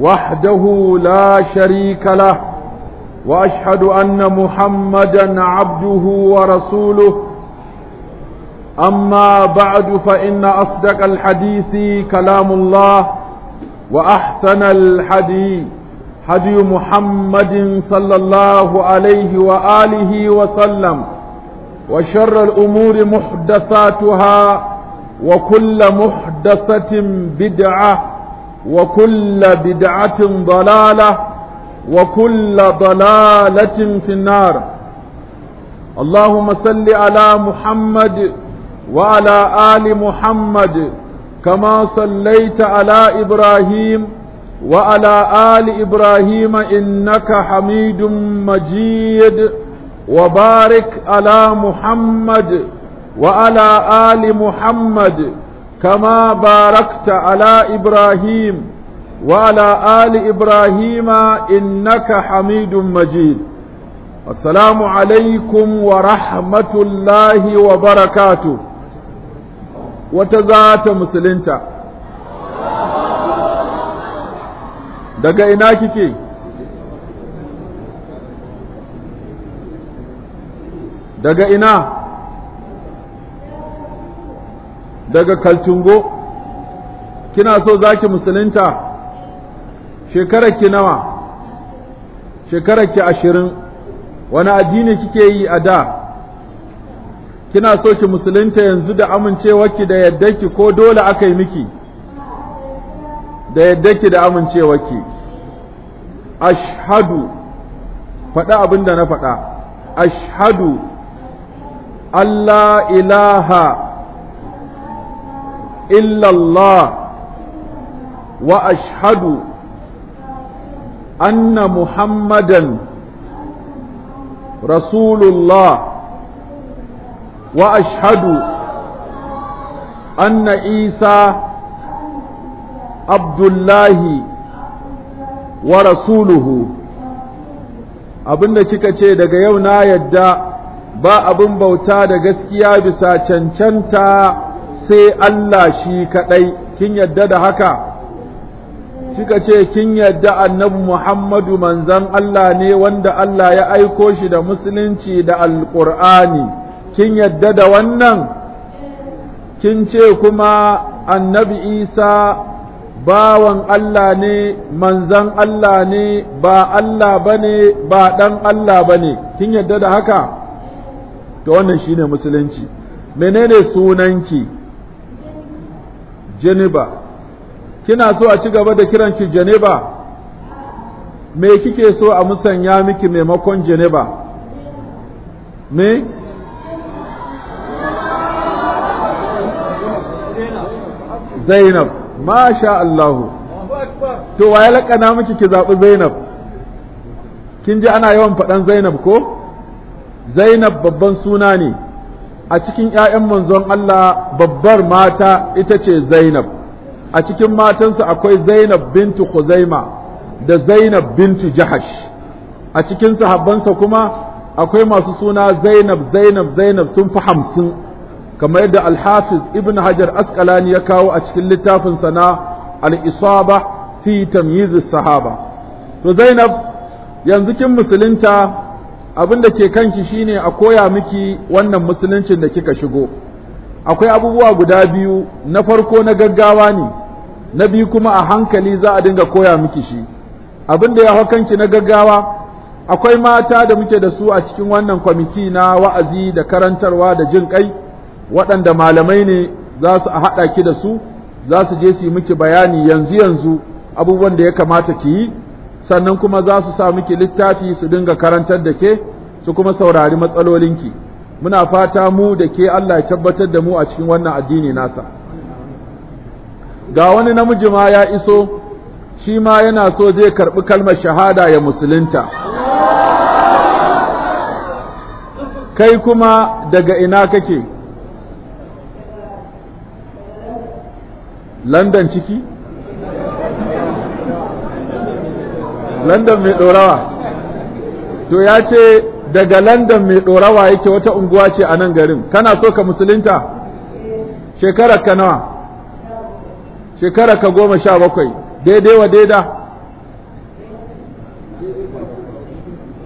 وحده لا شريك له وأشهد أن محمدا عبده ورسوله أما بعد فإن أصدق الحديث كلام الله وأحسن الحديث هدي محمد صلى الله عليه وآله وسلم وشر الأمور محدثاتها وكل محدثة بدعة وكل بدعة ضلالة وكل ضلالة في النار اللهم صل على محمد وعلى آل محمد كما صليت على إبراهيم وعلى آل إبراهيم إنك حميد مجيد وبارك على محمد وعلى آل محمد كما باركت على إبراهيم وعلى آل إبراهيم إنك حميد مجيد السلام عليكم ورحمة الله وبركاته وتزات مسلمتا daga ina kike daga ina daga kaltungo kina so zaki musulunta shekarar ki nawa shekarar ki ashirin wani addini kike yi a da kina so ki musulunta yanzu da ki da ki ko dole aka yi miki da ki da ki? ashhadu faɗa abin na faɗa ashhadu Allah ilaha إلا الله وأشهد أن محمدا رسول الله وأشهد أن عيسى عبد الله ورسوله abinda kika ce daga yau na yadda ba abin bauta da gaskiya bisa cancanta sai Allah shi kaɗai kin yadda da haka kika ce kin yadda annabi Muhammadu manzan Allah ne wanda Allah ya aiko shi da musulunci da alƙur'ani kin yadda da wannan kin ce kuma annabi Isa bawan Allah ne manzan Allah ne ba Allah bane ba ɗan Allah bane kin yadda da haka to wannan shine musulunci menene sunanki Geneva kina so a ci gaba da ki, Geneva me kike so a musanya miki maimakon Geneva me Zainab masha Allahu to waye laƙana miki ki zaɓi Zainab kin ji ana yawan faɗan Zainab ko Zainab babban suna ne a cikin ‘ya'yan manzon Allah babbar mata ita ce Zainab, a cikin matansa akwai Zainab bintu Khuzaima da Zainab bintu Jahash, a cikin sahabbansa kuma akwai masu suna Zainab, Zainab, Zainab sun fi hamsin, kamar yadda Alhafiz Ibn Hajar askalani ya kawo a cikin littafinsa na Al'isaba fi tamyizis sahaba. To Zainab yanzu kin musulunta abin da ke kanki shine a koya miki wannan musuluncin da kika shigo akwai abubuwa guda biyu na farko na gaggawa ne na biyu kuma a hankali za a dinga koya miki shi abin da ya hau kanki na gaggawa akwai mata da muke da su a cikin wannan kwamiti na wa'azi da karantarwa da jin kai waɗanda malamai ne za su haɗa ki da su za su je su yi miki bayani yanzu yanzu abubuwan da ya kamata ki yi sannan kuma za su sa miki littafi su dinga karantar da ke su kuma saurari matsalolinki muna fata mu da ke Allah ya tabbatar da mu a cikin wannan addini nasa ga wani namiji ma ya iso shi ma yana so zai karɓi kalmar shahada ya musulunta kai kuma daga ina kake London ciki london mai ɗorawa to ya ce daga london mai ɗorawa yake wata unguwa ce a nan garin kana so ka musulunta shekarar ka nawa shekarar ka goma sha bakwai daidai wa daida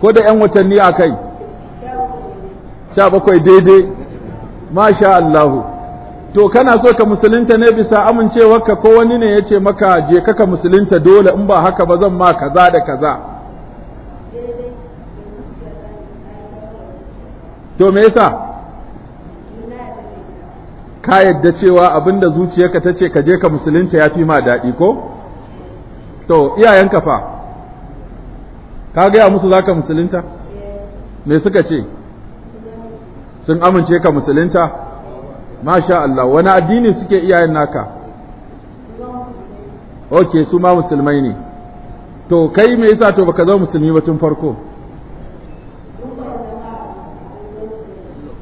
ko da 'yan watanni a kai sha bakwai daidai masha Allahu to kana so ka musulunta ne bisa amincewarka ko wani ne ya ce maka je ka ka musulunta dole in ba haka ba zan ma kaza da kaza to me yasa ka yadda cewa abinda zuciyarka ta ce ka je ka musulunta ya fi ma daɗi ko to iyayenka fa ka gaya musu za ka musulunta me suka ce sun amince ka musulunta masha Allah wani addini suke iyayen naka ok su ma musulmai ne to kai me yasa to baka zama musulmi ba tun farko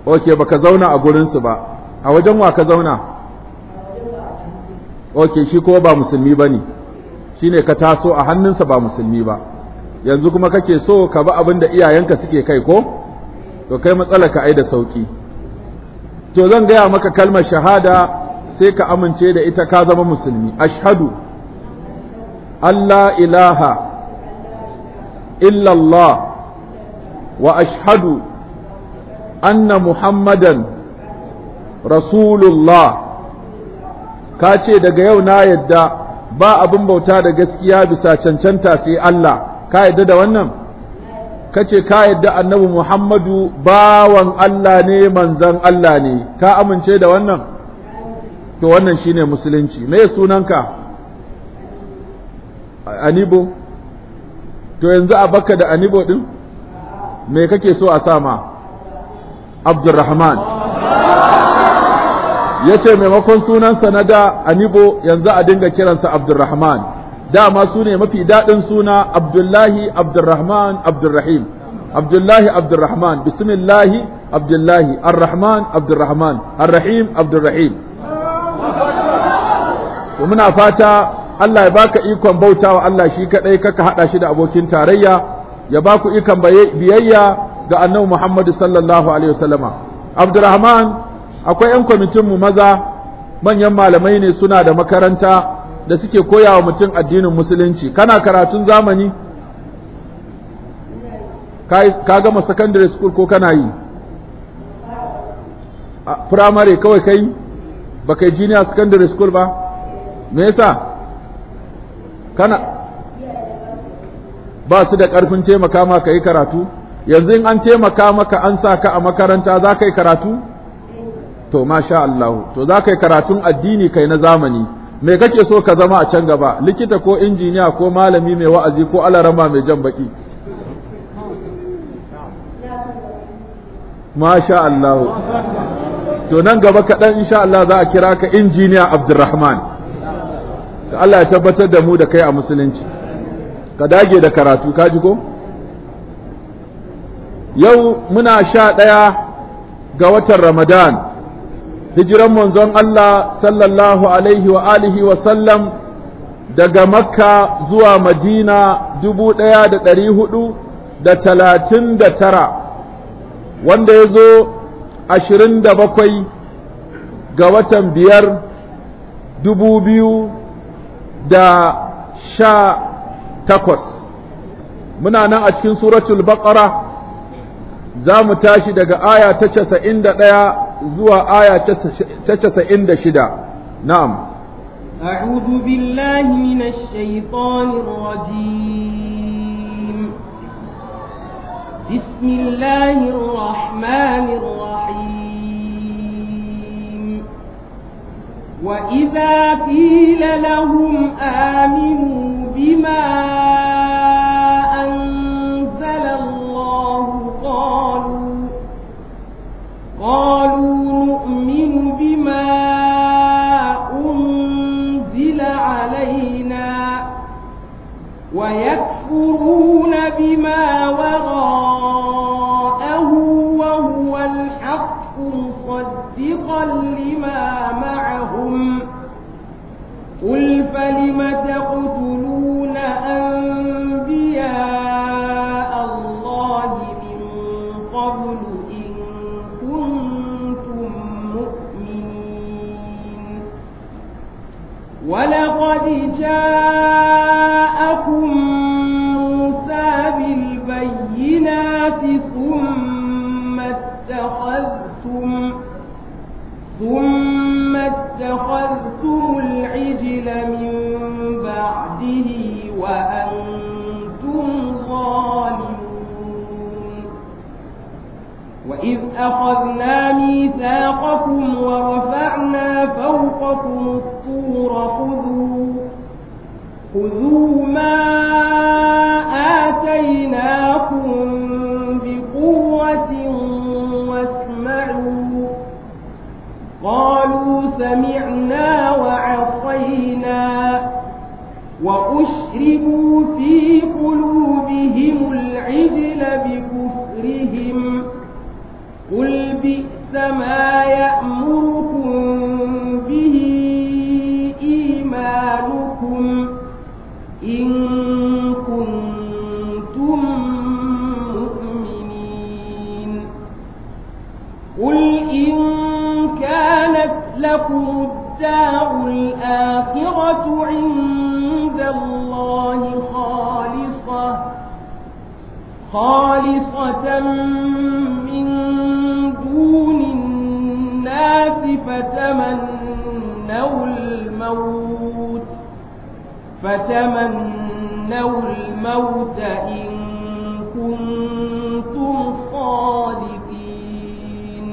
ok baka zauna a gurinsu ba a wajen wa ka zauna ok shi ko ba musulmi ba ne shi ne ka taso a hannunsa ba musulmi ba yanzu kuma kake so ka bi abin da iyayenka suke kai ko to kai matsalar ka ai da sauki to zan gaya maka kalmar shahada sai ka amince da ita ka zama musulmi ashhadu Allah ilaha illallah wa ashhadu anna muhammadan rasulullah ka ce daga yau na yadda ba abin bauta da gaskiya bisa cancanta sai Allah ka yadda da wannan kace ka yadda annabi Muhammadu bawan Allah ne manzan Allah ne ka amince da wannan to wannan shine musulunci me sunanka anibo to yanzu a baka da anibo din me kake so a sama Abdurrahman yace maimakon sunansa na da anibo yanzu a dinga kiransa Abdurrahman dama su ne mafi daɗin suna abdullahi abdurrahman abdurrahim abdullahi abdurrahman bismillahi abdullahi arrahman abdurrahman arrahim abdurrahim Wa muna fata Allah ya baka ikon bautawa Allah shi kaɗai kaka haɗa shi da abokin tarayya ya baku ikon biyayya ga annabi Muhammad sallallahu alaihi wasallama abdurrahman akwai yan kwamitinmu maza manyan malamai ne suna da makaranta da suke koya wa mutum addinin musulunci kana karatun zamani ka gama secondary school ko kana yi a primary kawai kai ba kai junior secondary school ba me yasa kana ba su da ƙarfin taimaka maka yi karatu yanzu in an taimaka maka an sa ka a makaranta za ka yi karatu to masha Allah to za ka yi karatun addini kai na zamani me kake so ka zama a can gaba likita ko injiniya ko malami mai wa'azi ko alarama mai jan baki masha Allah to nan gaba kaɗan insha Allah za a kira ka injiniya Abdulrahman Allah ya tabbatar da mu da kai a musulunci ka dage da karatu ka ji ko yau muna sha ɗaya ga watan Ramadan hijiran manzon Allah sallallahu alaihi wa alihi wa sallam daga makka zuwa madina dubu ɗaya da ɗari hudu da talatin da tara wanda ya zo ashirin da bakwai ga watan biyar dubu biyu da sha takwas muna nan a cikin suratul baqara za mu tashi daga aya ta casa'in da ɗaya zuwa آية ta casa'in da shida أعوذ بالله من الشيطان الرجيم بسم الله الرحمن الرحيم وإذا قيل لهم آمنوا بما قالوا نؤمن بما أنزل علينا ويكفرون بما وراءه وهو الحق مصدقا لما معهم قل فلم تقتلون ولقد جاءكم موسى بالبينات ثم اتخذتم ثم اتخذتم العجل من بعده وأنتم ظالمون وإذ أخذنا ميثاقكم ورفعنا فوقكم الطور خذوا خذوا ما آتيناكم بقوة واسمعوا قالوا سمعنا وعصينا وأشربوا في قلوبهم العجل بكفرهم قل بئس ما خالصة من دون الناس فتمنوا الموت فتمنوا الموت إن كنتم صادقين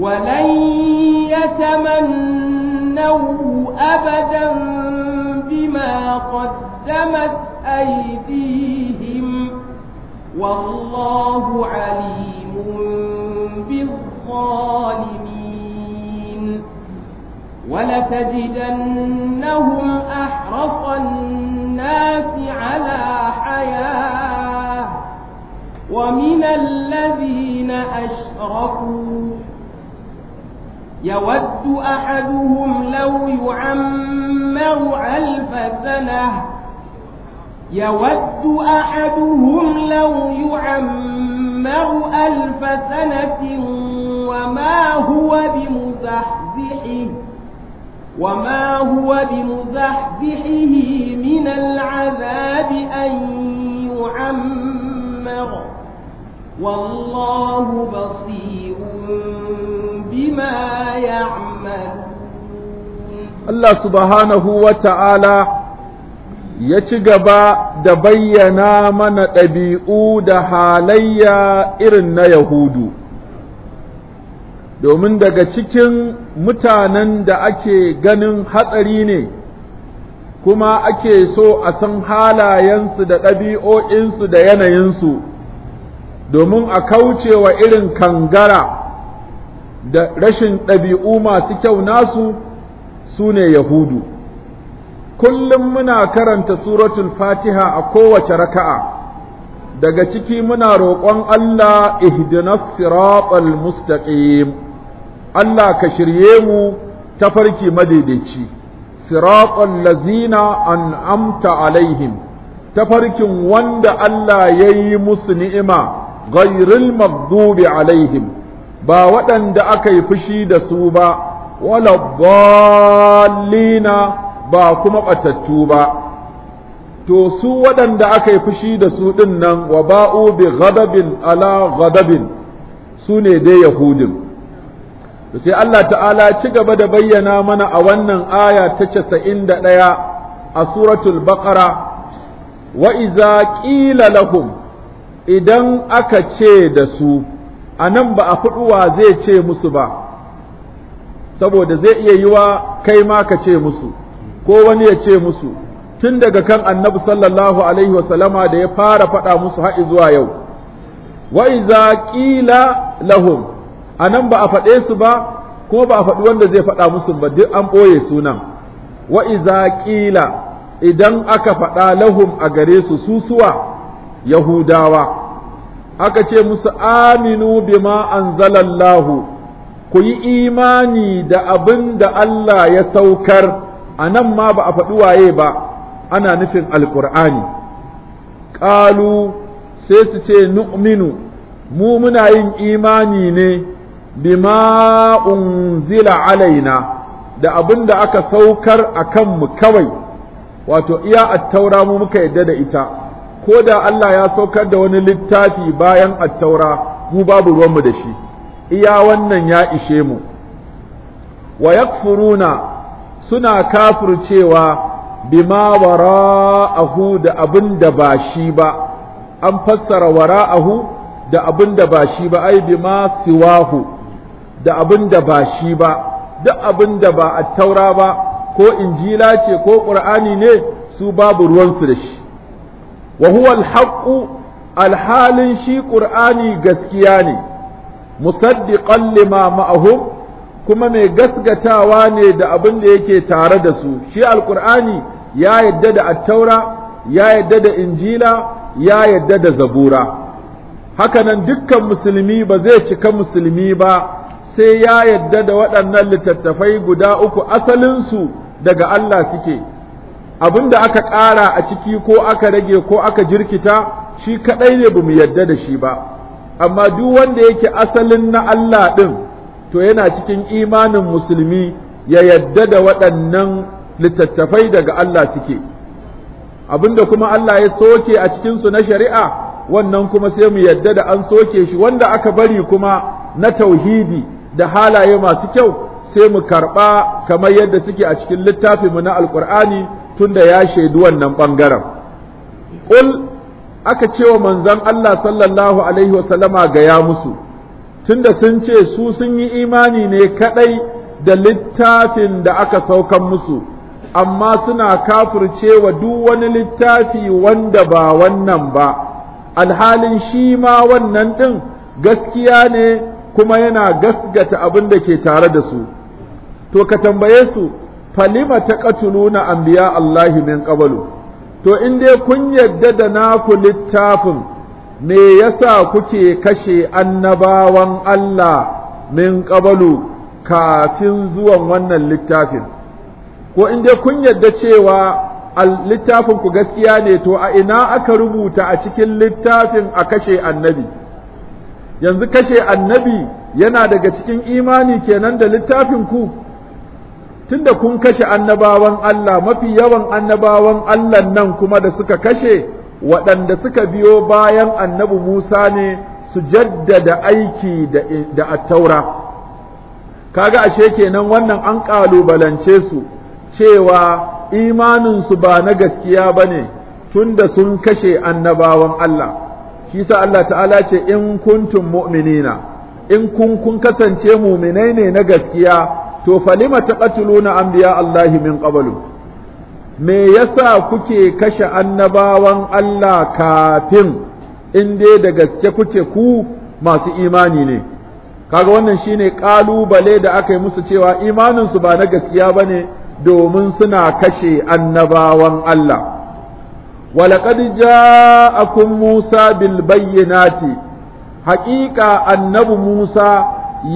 ولن يتمنوا أبدا بما قدمت أيديهم والله عليم بالظالمين ولتجدنهم أحرص الناس على حياة ومن الذين أشركوا يود أحدهم لو يعمر ألف سنة يود أحدهم لو يعمر ألف سنة وما هو بمزحزحه وما هو بمزحزحه من العذاب أن يعمر والله بصير بما يعمل الله سبحانه وتعالى ya ci gaba da bayyana mana ɗabi'u da halayya irin na Yahudu, domin daga cikin mutanen da ake ganin hatsari ne, kuma ake so a san halayensu da ɗabi'o'insu da yanayinsu, domin a kauce wa irin kangara da rashin ɗabi'u masu kyau nasu su ne Yahudu. kullum muna karanta suratul fatiha a kowace raka'a daga ciki muna roƙon Allah ihdinas siratal mustaqim Allah ka shirye mu tafarki madaidaici siratal lazina an'amta alaihim tafarkin wanda Allah ya yi musu ni'ima ghairil maghdubi alaihim ba waɗanda aka yi fushi da su ba wala dhallina ba kuma ɓatattu ba to su waɗanda aka yi fushi da su ɗin nan wa ba'u bi ghadabin ala ghadabin su ne dai yahudin sai Allah ta'ala ci gaba da bayyana mana a wannan aya ta casa'in da ɗaya a suratul baqara wa iza ƙila lahum idan aka ce da su a nan ba a faɗuwa zai ce musu ba saboda zai iya yiwa kai ma ka ce musu ko wani ya ce musu tun daga kan annabi sallallahu alaihi wasallama da ya fara faɗa musu har zuwa yau wa iza qila lahum anan ba a faɗe su ba ko ba a faɗi wanda zai faɗa musu ba duk an ɓoye sunan wa iza qila idan aka faɗa lahum a gare su susuwa yahudawa aka ce musu aminu bima anzalallahu ku yi imani da abin da Allah ya saukar a nan ma ba a faɗi waye ba ana nufin alƙur'ani ƙalu sai su ce nu'minu mu muna yin imani ne bima unzila alaina da abin da aka saukar a kanmu kawai wato iya attaura mu muka yadda da ita ko da Allah ya saukar da wani littafi bayan attaura mu babu ruwanmu da shi iya wannan ya ishe mu wa yakfuruna suna kafircewa bima wara'ahu da abin ba shi ba an fassara wara'ahu da abin da ba shi ba ai bima siwahu da abin ba shi ba duk abinda ba a taura ba ko injila ce ko ƙur'ani ne su babu ruwansu da shi wa huwa alhaqu alhalin shi ƙur'ani gaskiya ne musaddiqan lima ma'ahum kuma mai gasgatawa ne da abin da yake tare da su shi alkur'ani ya yadda da attaura ya yadda da injila ya yadda da zabura hakanan dukkan musulmi ba zai cika musulmi ba sai ya yadda da waɗannan littattafai guda uku asalinsu daga Allah suke abin da aka ƙara a ciki ko aka rage ko aka jirkita shi kaɗai ne bamu mu yadda da shi ba amma duk wanda yake asalin na Allah ɗin to yana cikin imanin musulmi ya yadda da waɗannan littattafai daga Allah suke abinda kuma Allah ya soke a cikin su na shari'a wannan kuma sai mu yadda da an soke shi wanda aka bari kuma na tauhidi da halaye masu kyau sai mu karɓa kamar yadda suke a cikin mu na alƙur'ani tunda ya shaidu wannan ɓangaren ƙul aka cewa manzon Allah sallallahu alaihi wasallama ga ya musu tunda sun ce su sun yi imani ne kaɗai da littafin da aka saukan musu amma suna wa duk wani littafi wanda ba wannan ba alhalin shi ma wannan ɗin gaskiya ne kuma yana gasgata abin da ke tare da su to ka tambaye su falima ta katuluna anbiya Allahi min qabalu to in dai kun yadda da naku littafin me yasa kuke kashe annabawan Allah min ƙabalu kafin zuwan wannan littafin ko in dai kun yadda cewa littafin ku gaskiya ne to a ina aka rubuta a cikin littafin a kashe annabi yanzu kashe annabi yana daga cikin imani kenan da littafin ku tunda kun kashe annabawan Allah mafi yawan annabawan Allah nan kuma da suka kashe waɗanda suka biyo bayan annabi Musa ne su jaddada aiki da attaura kaga ashe kenan wannan an ƙalubalance su cewa imaninsu ba na gaskiya ba ne tunda sun kashe annabawan Allah shi sa Allah ta'ala ce in kuntum mu'minina in kun kun kasance mu'minai ne na gaskiya to falima ta na anbiya Allah min qablu me yasa kuke kashe annabawan Allah kafin in dai da gaske kuke ku masu imani ne kaga wannan shine kalubale da aka yi musu cewa imaninsu ba na gaskiya bane domin suna kashe annabawan Allah walaqad ja'akum Musa bil bayyinati haƙiƙa annabi Musa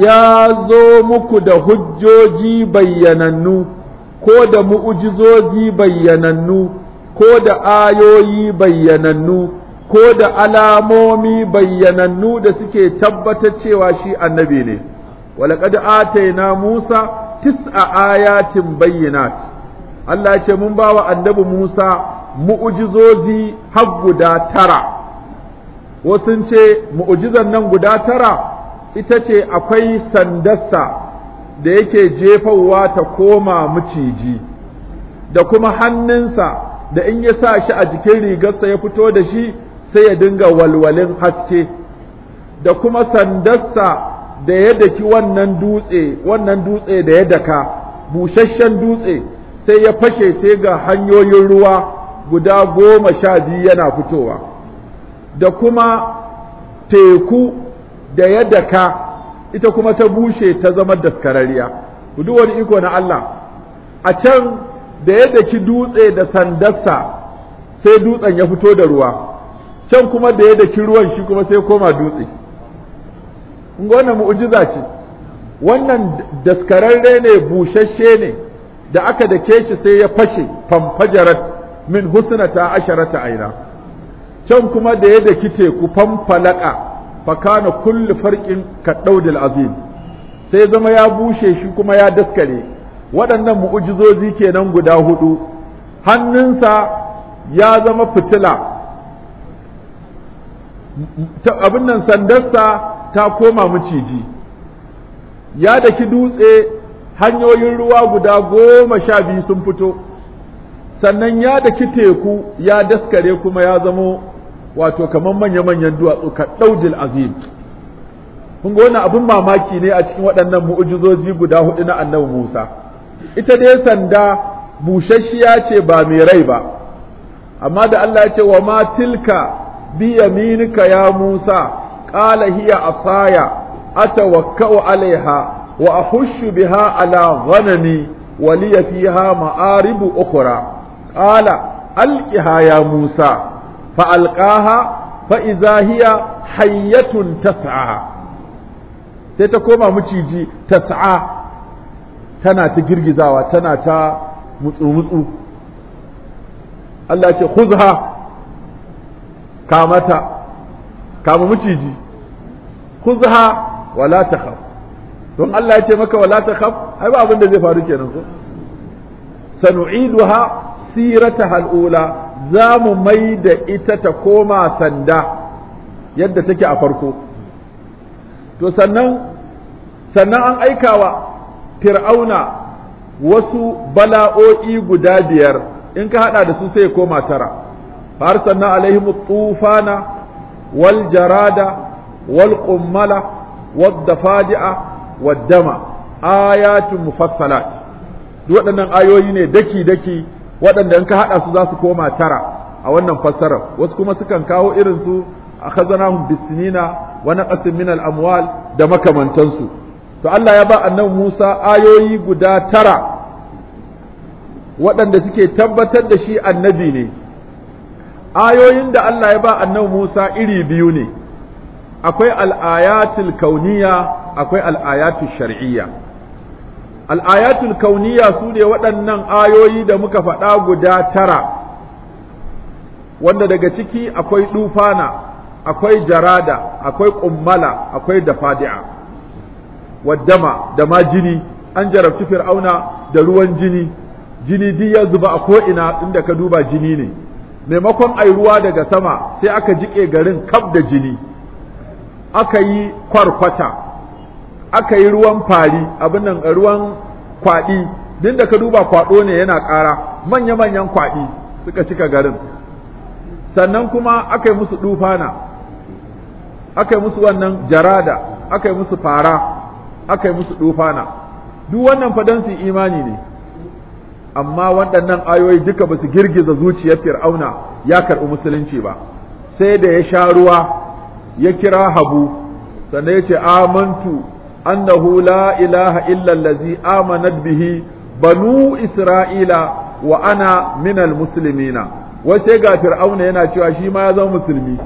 ya zo muku da hujjoji bayyanannu ko da mu'ujizoji bayyanannu ko da ayoyi bayyanannu ko da alamomi bayyanannu da suke tabbata cewa shi annabi ne walaƙad ataina Musa tis'a ayatin bayyinat Allah ce mun bawa annabi Musa mu'ujizoji har guda tara sun ce mu'ujizan nan guda tara ita ce akwai sandarsa da yake jefawa ta koma maciji da kuma hannunsa da in ya sa shi a jikin rigarsa ya fito da shi sai ya dinga walwalin haske da kuma sandarsa da ya daki wannan dutse wannan dutse da ya daka busasshen dutse sai ya fashe sai ga hanyoyin ruwa guda goma sha biyu yana fitowa da kuma teku da ya daka ita kuma ta bushe ta zama daskarariya duk wani iko na Allah a can da yadda ki dutse da sandarsa sai dutsen ya fito da ruwa can kuma da yadda daki ruwan shi kuma sai koma dutse wannan mu'jiza ce wannan daskararre ne bushashe ne da aka dake shi sai ya fashe famfajarat min husnata asharata aina can kuma da yadda daki teku famfalaka fakana kana kullu farqin ka azim sai zama ya bushe shi kuma ya daskare waɗannan mu'ujizozi kenan guda hudu hannunsa ya zama fitila abin nan sandarsa ta koma maciji ya daki dutse hanyoyin ruwa guda goma sha biyu sun fito sannan ya daki teku ya daskare kuma ya zamo wato kamar manya-manyan duwatsu ka daudil azim kun ga wannan abin mamaki ne a cikin waɗannan mu'ujizoji guda hudu na annabi Musa ita dai sanda bushashiya ce ba mai rai ba amma da Allah ya ce wa ma tilka bi yaminika ya Musa qala hiya asaya atawakkau alaiha wa ahushu biha ala ghanami wa liya fiha ma'aribu ukhra qala alqiha ya Musa fa alqaha fa iza hiya hayyatun tas'a sai ta koma miciji tas'a tana ta girgizawa tana ta mutsu mutsu Allah ya ce khuzha kamata kama miciji khuzha wala takhaf don Allah ya ce maka wala takhaf ai ba abin da zai faru kenan ko sanu'iduha sirataha al-ula za mu mai da ita ta koma sanda yadda take a farko to sannan sannan an wa fir'auna wasu bala'o'i guda biyar in ka hada da su sai koma tara har sannan alaihim tufana wal jarada wal qummala wad dafadi'a wad dama ayatun mufassalat waɗannan ayoyi ne daki daki waɗanda in ka haɗa su za su koma tara a wannan fassarar wasu kuma sukan kawo irin su khazanahum bisinina wa naqasin min al-amwal da makamantansu to Allah ya ba annabi Musa ayoyi guda tara waɗanda suke tabbatar da shi annabi ne ayoyin da Allah ya ba annabi Musa iri biyu ne akwai al-ayatul kauniyya akwai al-ayatul shar'iyya al'ayatul kauniya su ne waɗannan ayoyi da muka faɗa guda tara wanda daga ciki akwai ɗufana, akwai jarada akwai ƙummala akwai dafadi'a waddama da ma jini an jarabci fir'auna da ruwan jini jini duk ya zuba a ko'ina inda ka duba jini ne maimakon ai ruwa daga sama sai aka jiƙe garin kaf da jini aka yi kwarkwata aka yi ruwan fari abin nan ruwan kwaɗi din da ka duba kwaɗo ne yana ƙara manya-manyan kwaɗi suka cika garin sannan kuma aka yi musu dufana aka yi musu wannan jarada aka yi musu fara aka yi musu dufana duk wannan fadan su imani ne amma waɗannan ayoyi duka ba su girgiza zuciyar fir'auna ya karɓi musulunci ba sai da ya sha ruwa ya kira habu sannan ya ce amantu annahu la ilaha illa allazi amanat bihi banu isra'ila wa ana minal musulmina. wai sai ga fir'auna yana cewa shi ma ya zama musulmi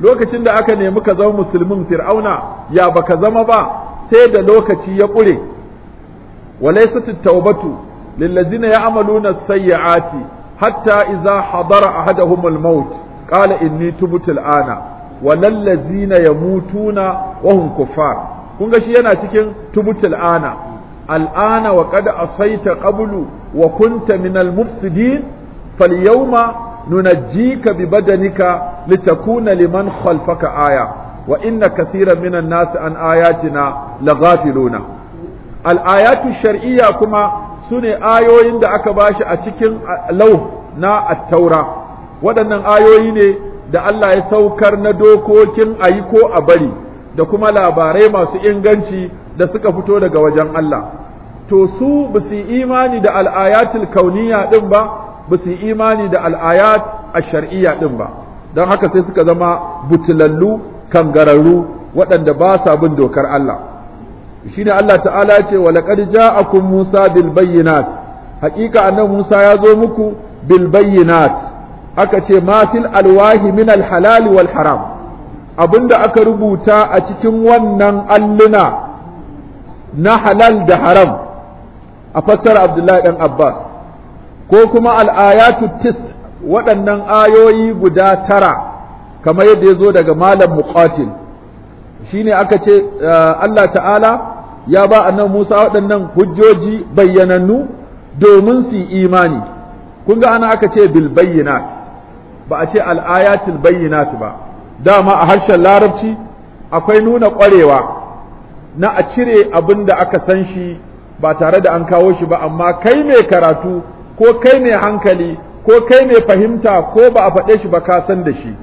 lokacin da aka nemi ka zama musulmin fir'auna ya baka zama ba sai da lokaci ya ƙure walaysat tawbatu lillazina ya'maluna as-sayyi'ati hatta idza hadara ahaduhum al-maut qala inni tubtu al-ana walallazina yamutuna wa hum kuffar kun ga shi yana cikin tubutul ana al'ana wa qad asaita qablu wa kunta minal mufsidin falyawma nunajjika bi badanika litakuna liman khalfaka aya wa inna kathiran minan nas an ayatina laghafiluna al ayatu shar'iyya kuma sune ayoyin da aka bashi a cikin lauh na at-taura waɗannan ayoyi ne da Allah ya saukar na dokokin ayi ko a bari da kuma labarai masu inganci da suka fito daga wajen Allah to su ba su imani da al'ayatul kauniya din ba ba su imani da al'ayat a shariyya din ba don haka sai suka zama butulallu kangararru waɗanda ba sa bin dokar Allah shine Allah ta'ala ce wa a kun Musa bil bayyinat haƙiƙa nan Musa ya zo muku bil bayyinat aka ce masil alwahi min al halal wal haram abinda aka rubuta a cikin wannan alluna na halal da haram a fassara Abdullahi ɗan Abbas ko kuma al'ayatu tis waɗannan ayoyi guda tara kamar yadda ya zo daga malam muqatil shine aka ce eh, Allah ta'ala ya ba annabi Musa waɗannan hujjoji bayyanannu domin su imani kun ga ana aka ce bil bayyinat ba a ce al ayatil bayyinat ba dama a harshen larabci akwai nuna ƙwarewa na a cire abin da aka san shi ba tare da an kawo shi ba amma kai mai karatu ko kai mai hankali ko kai mai fahimta ko ba a faɗe shi ba ka san da shi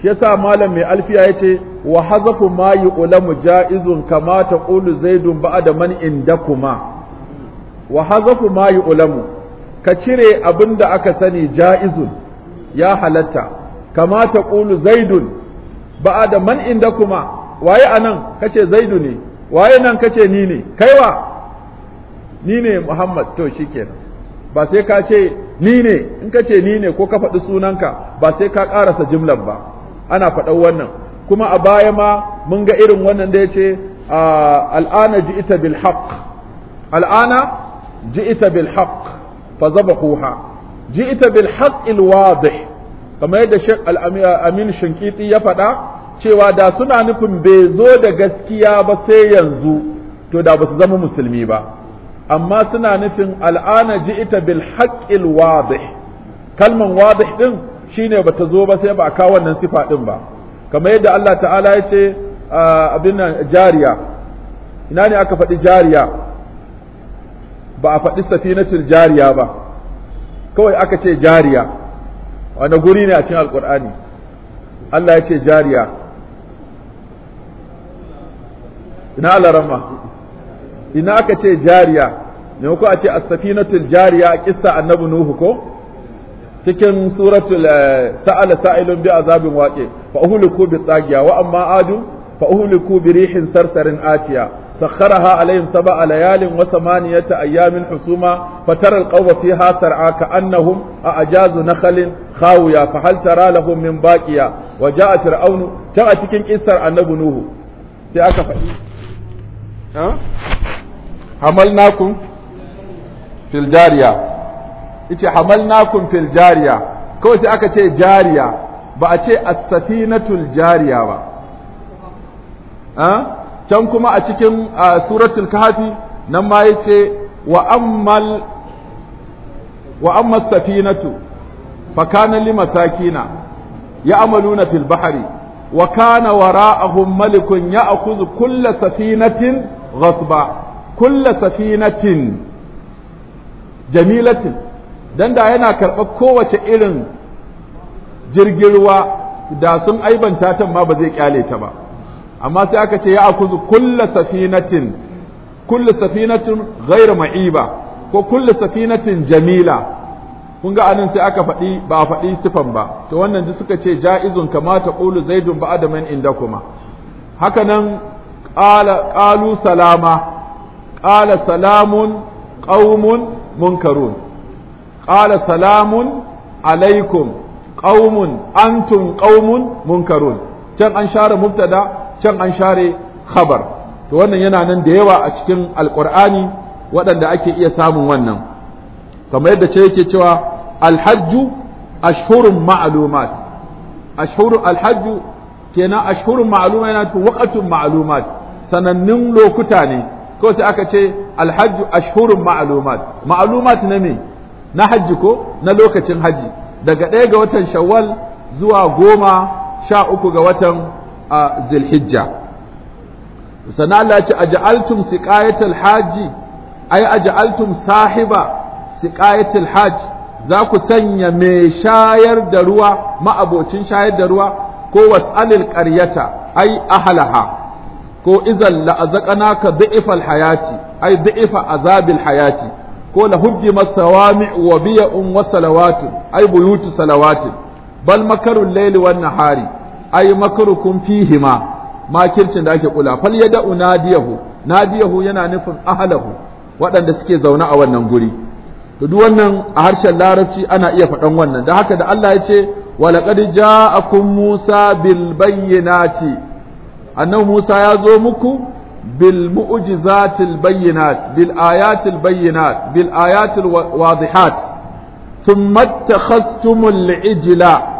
shi yasa malam mai alfiya yace wa hazafu ma yu'lamu ja'izun kama taqulu zaidun ba'da man indakuma wa hazafu ma yu'lamu ka cire abin da aka sani ja'izun ya halatta kama ƙulu zaidun ba da man inda kuma waye anan kace zaidu ne waye nan kace ni ne kaiwa ni ne muhammad to shikenan ba sai ka ce ni ne in ka ce ni ne ko ka faɗi sunanka ba sai ka ƙarasa jimlar ba ana faɗan wannan kuma a baya ma mun ga irin wannan da ya ce ah, al'ana ji'ita bil haqq al'ana ji'ita bil fa ji'ita bil haqq wadih kamar yadda Sheikh Al-Amin Shinkiti ya faɗa cewa da suna nufin bai zo da gaskiya ba sai yanzu to da ba su zama musulmi ba amma suna nufin al'ana ji'ita bil haqqil wadih kalman wadih din shine bata zo ba sai ba a kawo wannan sifa din ba kamar yadda Allah ta'ala ya ce abin nan jariya ina ne aka faɗi jariya ba a faɗi safinatul jariya ba kawai aka ce jariya wanda guri ne a cikin alkur'ani Allah ya ce jariya ina alarama ina aka ce jariya ne ko a ce a safinatul jariya a kissa annabi nuhu ko cikin suratul eh, sa'ala sa'ilun bi azabin waqi fa uhliku bi tsagiya wa amma adu fa uhliku bi rihin sarsarin atiya سخرها عليهم سبع ليال وثمانية أيام حسوما فترى القوم فيها سرعى كأنهم أعجاز نخل خاوية فهل ترى لهم من باقية وجاء فرعون تأتيكين إسر أن نبنوه سيأكا فإيه أه؟ حملناكم في الجارية إيش حملناكم في الجارية كو سيأكا شيء جارية بأشي السفينة الجارية با. أه؟ can kuma a cikin suratul Kahafi, nan ma ce wa ammal safinatu fa kana limasakina ya'maluna fil bahri wa kana wara'ahum malikun ya'khudhu kulla safinatin ghasba kulla safinatin jamilatin dan da yana karɓar kowace irin jirgin ruwa da sun aibanta ta ma ba zai kyale ta ba amma sai aka ce ya akuzu kulla safinatin kulla safinatin ghairu ma'iba ko kulla safinatin jamila kun ga anan sai aka faɗi ba a faɗi sifan ba to wannan ji suka ce ja'izun kama ta qulu zaidun ba adaman indakuma haka nan qala qalu salama qala salamun qaumun munkarun qala salamun alaikum qaumun antum qaumun munkarun can an share mubtada can an share khabar to wannan yana nan da yawa a cikin alqur'ani waɗanda ake iya samun wannan kamar yadda ce yake cewa alhajju ashhurun ma'lumat ashhuru alhajju kenan ashhurun ma'luma yana cikin waqatun ma'lumat sanannun lokuta ne ko sai aka ce alhajju ashhurun ma'lumat ma'lumat na me na hajji ko na lokacin haji daga ɗaya ga watan shawwal zuwa goma sha uku ga watan a zilhijja sana Allah ce aj'altum siqayatul haji ai aj'altum sahiba siqayatul haji za ku sanya mai shayar da ruwa ma'abocin shayar da ruwa ko was'alil qaryata ai ahlaha ko izan la'azaqanaka dhi'fal hayati ai dhi'fa azabil hayati ko la hubbi masawami wa biya'un wa salawatun ai buyutu salawatin bal makarul layli wan nahari ai makarukum fihima makircin da ake kula fal yad'u nadiyahu nadiyahu yana nufin ahlahu waɗanda suke zaune a wannan guri to duk wannan a harshen larabci ana iya faɗan wannan da haka da Allah ya ce wa laqad ja'akum Musa bil bayyinati annabi Musa ya zo muku bil mu'jizatil bayyinat bil ayatil bayyinat bil ayatil wadihat thumma ittakhadhtumul ijla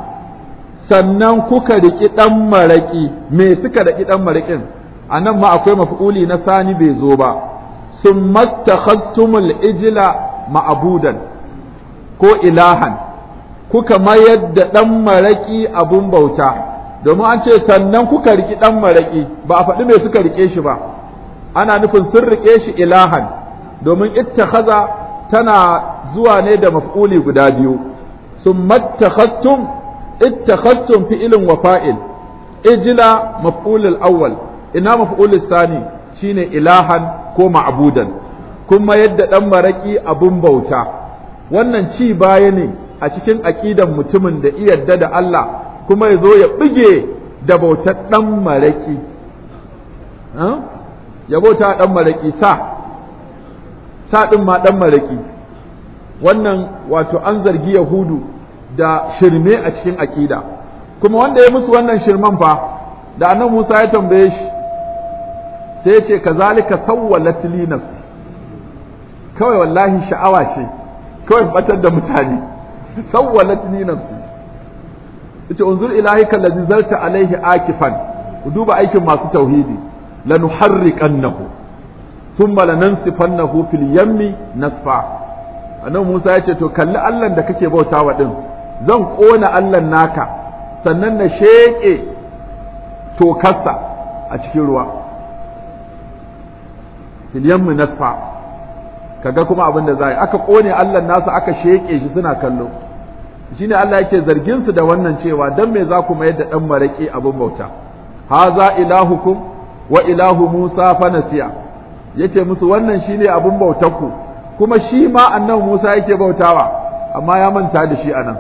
sannan kuka riƙi ɗan maraƙi me suka riƙi ɗan maraƙin a nan ma akwai mafi'uli na sani bai zo ba sun mattakhastumul ijila ma'abudan ko ilahan kuka mayar da ɗan maraƙi abun bauta domin an ce sannan kuka riƙi ɗan maraƙi ba a faɗi me suka riƙe shi ba ana nufin sun riƙe shi ilahan domin ittakhaza tana zuwa ne da maf'uli guda biyu sun mattakhastum ittakhastum fi'ilin wa fa'il ijla maf'ulul awwal ina maf'ulul sani shine ilahan ko ma'abudan, kuma yadda dan maraki abun bauta wannan ci baya ne a cikin aƙidan mutumin da iyadda da Allah kuma ya zo ya bige da bautar dan maraki ya bauta dan maraki sa sa din ma dan maraki wannan wato an zargi yahudu da shirme a cikin aƙida kuma wanda ya musu wannan shirman fa da annabi Musa ya tambaye shi sai ya ce kazalika sawwalat li nafsi kawai wallahi sha'awa ce kawai batar da mutane sawwalat li nafsi yace unzur ilahika allazi zalta alaihi akifan ku duba aikin masu tauhidi lanuharriqannahu thumma lanansifannahu fil yammi nasfa annabi Musa ya ce to kalli Allah da kake bautawa din zan ƙona Allah naka sannan na sheƙe tokarsa a cikin ruwa mu nasfa kaga kuma abin da za yi aka ƙone Allah nasa aka sheƙe shi suna kallo shine Allah yake zargin su da wannan cewa dan me za ku mayar da ɗan maraki abin bauta za ilahukum wa ilahu Musa Fanasiya. nasiya yace musu wannan shine abin bautar ku kuma shi ma annabi Musa yake bautawa amma ya manta da shi a nan.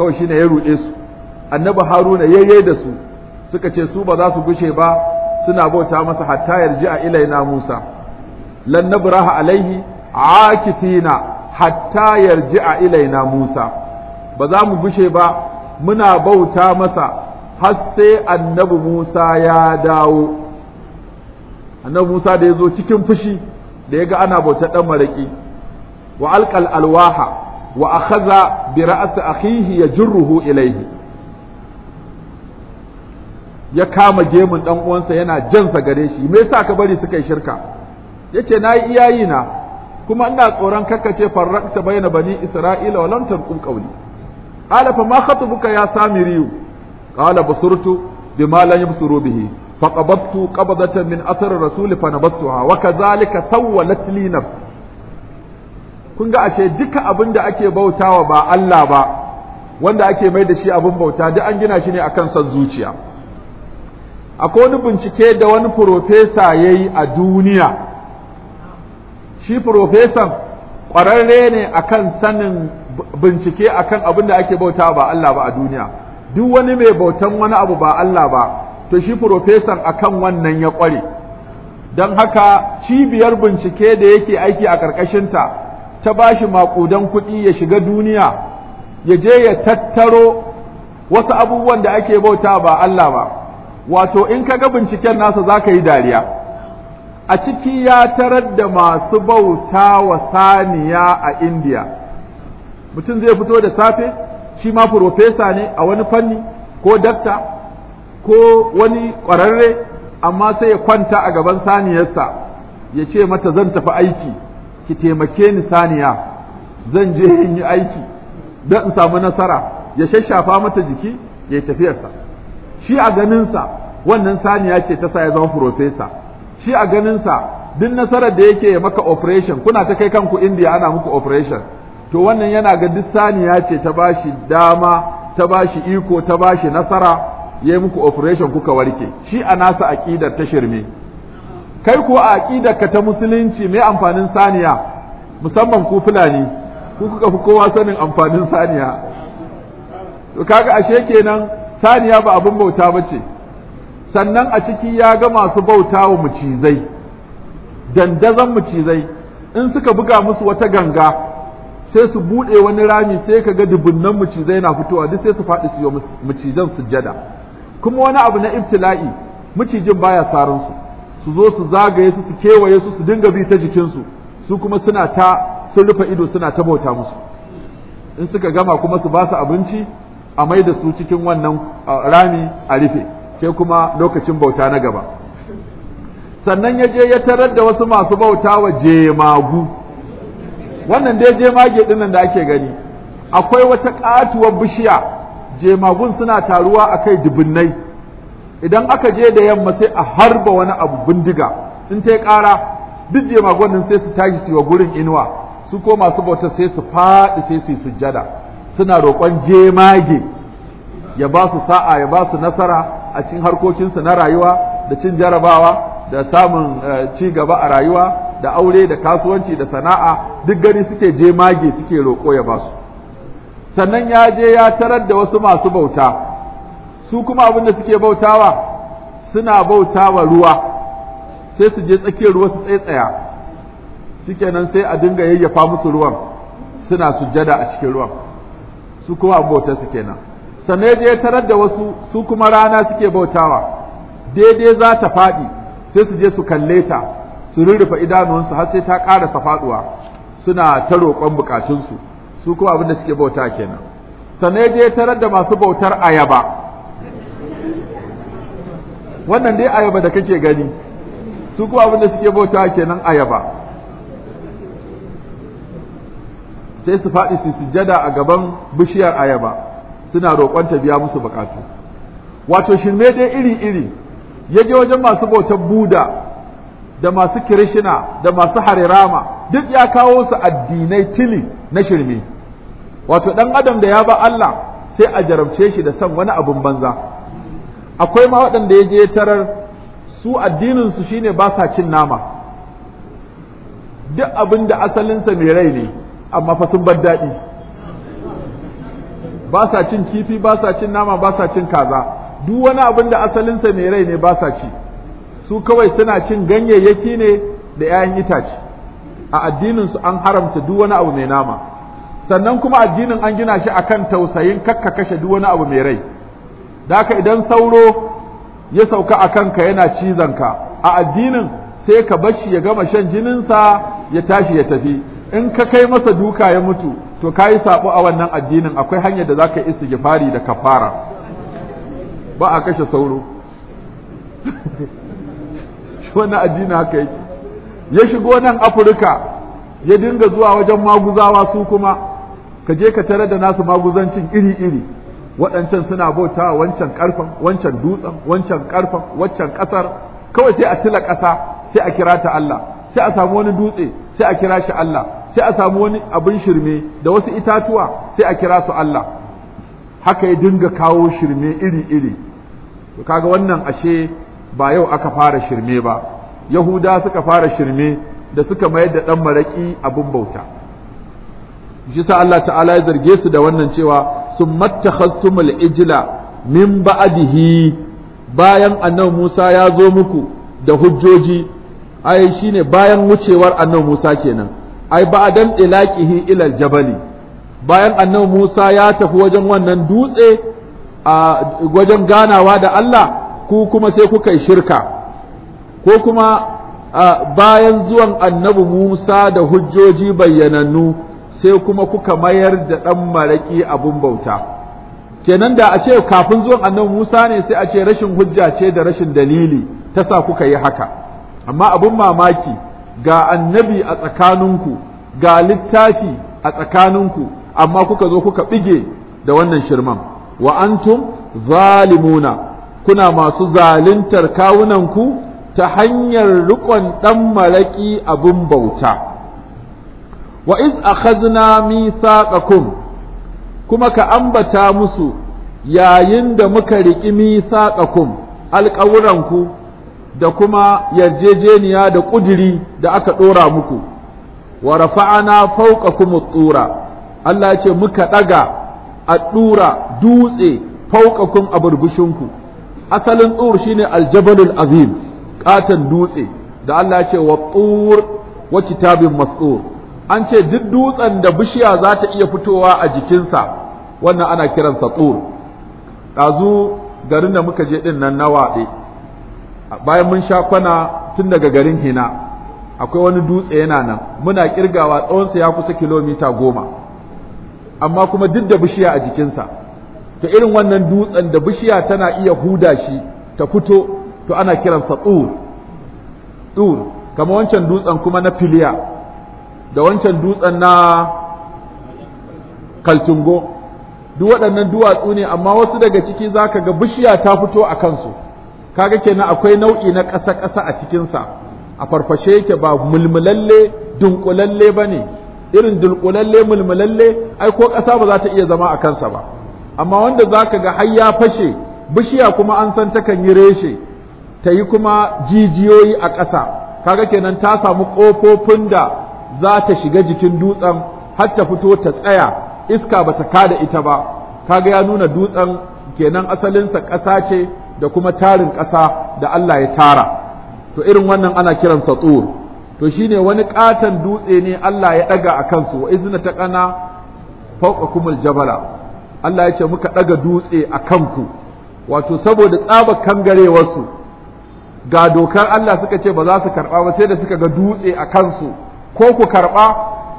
kawai ne ya ruɗe su annabi haruna yayye da su suka ce su ba za su gushe ba suna bauta masa hatta yarji a ilaina musa lan nabraha alaihi akifina hatta yarji a ilaina musa ba za mu gushe ba muna bauta masa har sai annabi musa ya dawo annabi musa da ya zo cikin fushi da ya ga ana bauta ɗan maraƙi wa alƙal alwaha wa akhadha bi ra'si akhihi yajruhu ilayhi ya kama gemun dan uwansa yana jansa gare shi me yasa ka bari suka yi shirka yace nayi iyayi na kuma ina tsoron ce farraqta bayna bani isra'ila wa lam tanqum qawli qala fa ma khatubuka ya samiriyu qala basurtu bima la yabsuru bihi min قبضة من أثر الرسول فنبذتها وكذلك سولت لي نفسي kun ga ashe duka abin da ake bautawa ba Allah ba wanda ake mai da shi abin bauta duk an gina shi ne akan son zuciya akwai wani bincike da wani profesa ya yi a duniya shi profesan ƙwararre ne akan sanin bincike akan abin da ake bautawa ba Allah ba a duniya duk wani mai bautan wani abu ba Allah ba to shi profesan akan wannan ya ƙware don haka cibiyar bincike da yake aiki a ƙarƙashinta ta bashi maƙudan kuɗi ya shiga duniya ya je ya tattaro wasu abubuwan da ake bauta ba Allah ba wato in ka ga binciken nasa za ka yi dariya a ciki ya tarar da masu bauta wa saniya a indiya mutum zai fito da safe shi ma profesa ne a wani fanni ko dakta ko wani ƙwararre amma sai ya kwanta a gaban saniyarsa ya ce mata zan tafi aiki ki taimake ni saniya zan je in yi aiki don in samu nasara ya shashafa mata jiki ya tafiyarsa shi a ganinsa wannan saniya ce ta sa ya zama profesa shi a ganinsa duk nasarar da yake ya maka operation kuna ta kai kanku indiya ana muku operation to wannan yana ga duk saniya ce ta bashi dama ta bashi iko ta bashi nasara ya yi muku operation kuka warke shi a nasa aƙidar ta shirme kai kuwa a ka ta musulunci mai amfanin saniya musamman ku fulani ku kuka fi kowa sanin amfanin saniya to kaga ashe kenan saniya ba abin bauta bace sannan a ciki ya ga masu bauta wa mucizai dandazan mucizai in suka buga musu wata ganga sai su bude wani rami sai ka ga dubunnan mucizai na fitowa duk sai su faɗi su yi mucizan sujjada kuma wani abu na ibtila'i mucijin baya saransu. su zo su zagaye su su kewaye su su dinga bi ta jikinsu su kuma suna ta sun rufe ido suna ta bauta musu in suka gama kuma su ba su abinci a mai da su cikin wannan rami a rufe sai kuma lokacin bauta na gaba sannan ya je ya tarar da wasu masu bauta wa jemagu wannan dai jemage dinnan da ake gani akwai wata katuwar bishiya jemagun suna taruwa akai dubunnai idan aka je da yamma sai a harba wani abu bindiga in ta ƙara duk jemagonin sai su tashi su wa gurin inuwa su ko masu bauta sai su faɗi sai su yi sujjada suna roƙon jemage ya ba su sa'a ya ba su nasara a cikin harkokinsu na rayuwa da cin jarabawa da samun eh, ci gaba a rayuwa da aure da kasuwanci da sana'a duk gani suke jemage suke roƙo ya ba su sannan ya je ya tarar da wasu masu bauta su kuma abin da suke bautawa suna bautawa ruwa sai su je tsakiyar ruwa su tsaitsaya shikenan sai a dinga yayyafa musu ruwan suna sujjada a cikin ruwan su kuma bauta su kenan sannan ya je tarar da wasu su kuma rana suke bautawa daidai za ta faɗi sai su je su kalle ta su rurrufa idanuwansu har sai ta ƙarasa faɗuwa suna ta roƙon bukatunsu su kuma abin da suke bauta kenan sannan ya je tarar da masu bautar ayaba wannan dai ayaba da kake gani su kuma abinda suke bauta kenan ayaba sai su faɗi su sujjada a gaban bishiyar ayaba suna roƙon ta biya musu bukatu wato shirme dai iri-iri ya je wajen masu bautar buda da masu kirishina da masu harirama duk ya kawo su addinai tili na shirme wato ɗan adam da ya ba Allah sai a jarabce shi da son wani abin banza akwai ma waɗanda ya je tarar su addininsu shine ba sa cin nama duk abin da asalinsa mai rai ne amma fa sun bar daɗi ba sa cin kifi ba sa cin nama ba sa cin kaza duk wani abin da asalinsa mai rai ne ba sa ci su kawai suna cin ganyayyaki ne da 'ya'yan itace a addininsu an haramta duk wani abu mai nama sannan kuma addinin an gina shi akan tausayin kakka kashe duk wani abu mai rai daka idan sauro ya sauka a kanka yana cizonka a addinin sai ka bashi ya gama shan jininsa ya tashi ya tafi in ka kai masa duka ya mutu to ka yi sabo a wannan addinin akwai hanyar da za ka istighfari da kafara ba a kashe sauro wannan addinin haka yake ya shigo nan afirka ya dinga zuwa wajen maguzawa su kuma ka je ka tare da nasu maguzancin iri-iri waɗancan suna bautawa wancan ƙarfen wancan dutsen wancan ƙarfen wancan ƙasar kawai sai a tila ƙasa sai a kira ta Allah sai a samu wani dutse sai a kira shi Allah sai a samu wani abin shirme da wasu itatuwa sai a kira su Allah haka ya dinga kawo shirme iri-iri to kaga wannan ashe ba yau aka fara shirme ba yahuda suka fara shirme da suka mayar da ɗan maraki abin bauta shi sa Allah ta'ala ya zarge su da wannan cewa summa takhastumul ijla min ba'dihi bayan annabi Musa ya zo muku da hujjoji ai shine bayan wucewar annabi Musa kenan ai adam ilaqihi ila jabali bayan annabi Musa ya tafi wajen wannan dutse a wajen ganawa da Allah ku kuma sai kuka yi shirka ko kuma bayan zuwan annabi Musa da hujjoji bayyanannu sai kuma kuka mayar da ɗan maraƙi abun bauta kenan da a ce kafin zuwan annabi Musa ne sai a ce rashin hujja ce da rashin dalili ta sa kuka yi haka amma abun mamaki ga annabi a tsakaninku ga littafi a tsakaninku amma kuka zo kuka bige da wannan shirman wa antum zalimuna kuna masu zaluntar kawunanku ta hanyar riƙon ɗan maraƙi abun bauta wa iz akhadna mithaqakum kuma ka ambata musu yayin da muka riƙi mithaqakum alƙawuranku da kuma yarjejeniya da ƙudiri da aka ɗora muku wa rafa'ana fawqakum at-tura Allah ya ce muka ɗaga a ɗura dutse fawqakum aburbushinku asalin tsur shine aljabalul azim ƙaton dutse da Allah ya ce wa tsur wa kitabin mas'ur an ce duk dutsen da bishiya za ta iya fitowa a jikinsa wannan ana kiransa tsur ɗazu garin da muka je ɗin nan na waɗe bayan mun sha kwana tun daga garin hina akwai wani dutse yana nan muna ƙirgawa tsawonsa ya kusa kilomita goma amma kuma duk da bishiya a jikinsa to irin wannan dutsen da bishiya tana iya huda shi ta fito to ana kiransa tsur tsur kamar wancan dutsen kuma na filiya da wancan dutsen na kaltungo duk waɗannan duwatsu ne amma wasu daga ciki za ka ga bishiya ta fito a kansu kaga kenan akwai nau'i na ƙasa-ƙasa a cikinsa a farfashe yake ba mulmulalle dunƙulalle ba ne irin dunƙulalle mulmulalle ai ko ƙasa ba za ta iya zama a kansa ba amma wanda za ka ga har ya fashe bishiya kuma an san takan yi reshe ta yi kuma jijiyoyi a ƙasa kaga kenan ta samu ƙofofin da za ta shiga jikin dutsen har ta fito ta tsaya iska ba ta kada ita ba kaga ya nuna dutsen kenan asalinsa ƙasa ce da kuma tarin ƙasa da Allah ya tara to irin wannan ana kiransa tsur to shine wani ƙaton dutse ne Allah ya ɗaga a kansu wa izna ta ƙana fauka kumul jabala Allah ya ce muka ɗaga dutse a kanku wato saboda tsaba kangarewarsu ga dokar Allah suka ce ba za su karɓa ba sai da suka ga dutse a kansu ko ku karɓa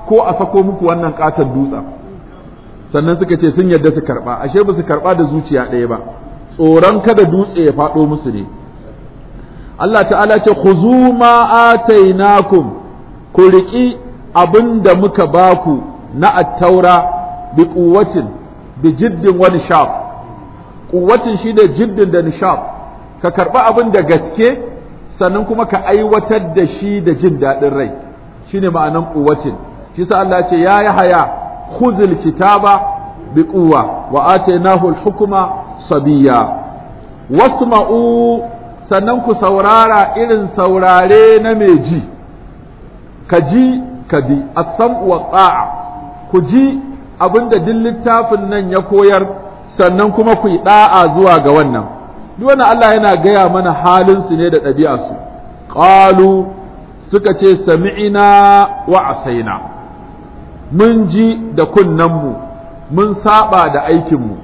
ko a sako muku wannan ƙaton dutsen sannan suka ce sun yadda su karɓa ashe ba su karɓa da zuciya ɗaya ba tsoron kada dutse ya faɗo musu ne Allah ta'ala ce khuzu ma atainakum ku riƙi abin da muka ku na attaura bi kuwatin bi jiddin wani shaf Ƙuwacin shi da jiddin da nishaf ka karɓi abin da gaske sannan kuma ka aiwatar da shi da jin daɗin rai shine ma'anan quwwatin shi sa Allah ce ya yahaya khuzil kitaba bi quwwa wa atainahu al-hukma sabiya wasma'u sannan ku saurara irin saurare na mai ji ka ji ka bi as-sam'u wa ta'a ku ji abinda duk littafin nan ya koyar sannan kuma ku yi da'a zuwa ga wannan duk wannan Allah yana gaya mana halin su ne da ɗabi'a su qalu suka ce sami'ina wa asaina mun ji da kunnenmu mun saba da aikinmu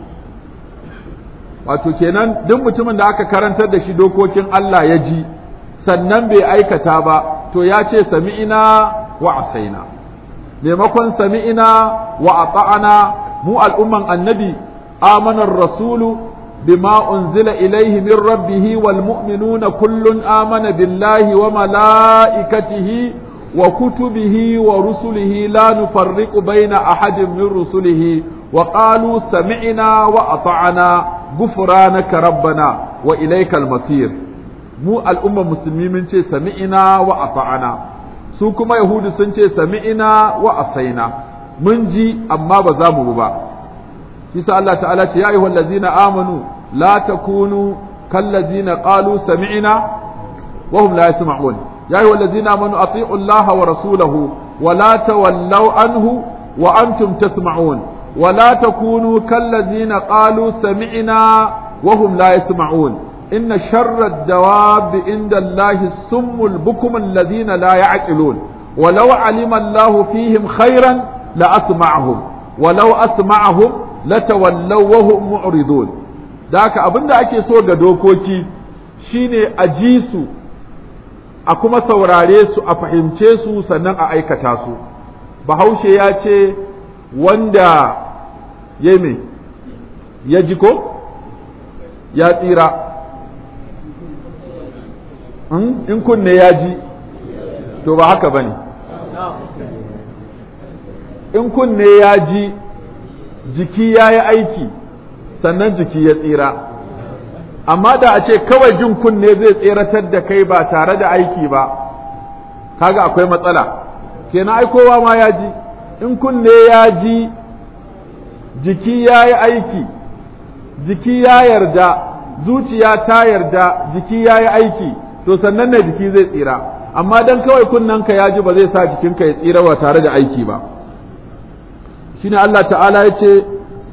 wato kenan duk mutumin da aka karantar da shi dokokin Allah ya ji sannan bai aikata ba to ya ce sami'ina wa asaina maimakon sami'ina wa ata'ana mu al'umman annabi amanar rasulu بما أنزل إليه من ربه والمؤمنون كل آمن بالله وملائكته وكتبه ورسله لا نفرق بين أحد من رسله وقالوا سمعنا وأطعنا غفرانك ربنا وإليك المصير mu al'ummar musulmi mun ce sami'ina wa ata'ana su kuma yahudu sun ce sami'ina wa asaina mun ji amma ba za mu ba kisa Allah ta'ala ce ya ayyuhal ladzina amanu la takunu kal ladzina qalu sami'na wa hum la yasma'un ya ayyuhal ladzina amanu ati'u Allah wa rasulahu wa la tawallaw anhu wa antum tasma'un wa la takunu kal ladzina qalu sami'na wa hum la yasma'un inna sharra ad-dawabi inda Allah as-summul bukum alladhina la ya'qilun ولو علم الله فيهم خيرا لأسمعهم ولو أسمعهم latawallaw wa hum mu'ridun da haka abinda ake so ga dokoki shine a ji su a kuma saurare su a fahimce su sannan a aikata su bahaushe ya ce wanda ya me ya ji ko ya tsira hmm? in kunne ya ji to ba haka ba ne in kunne ya ji jiki ya yi aiki sannan jiki ya tsira amma da a ce kawai jin kunne zai tseratar da kai ba tare da aiki ba kaga akwai matsala kenan ai kowa ma ya ji in kunne ya ji jiki ya yi aiki jiki ya yarda zuciya ta yarda jiki ya yi aiki to sannan ne jiki zai tsira amma dan kawai kunnenka ya ji ba zai sa jikinka ya tsira ba tare da aiki ba shine Allah ta'ala ya ce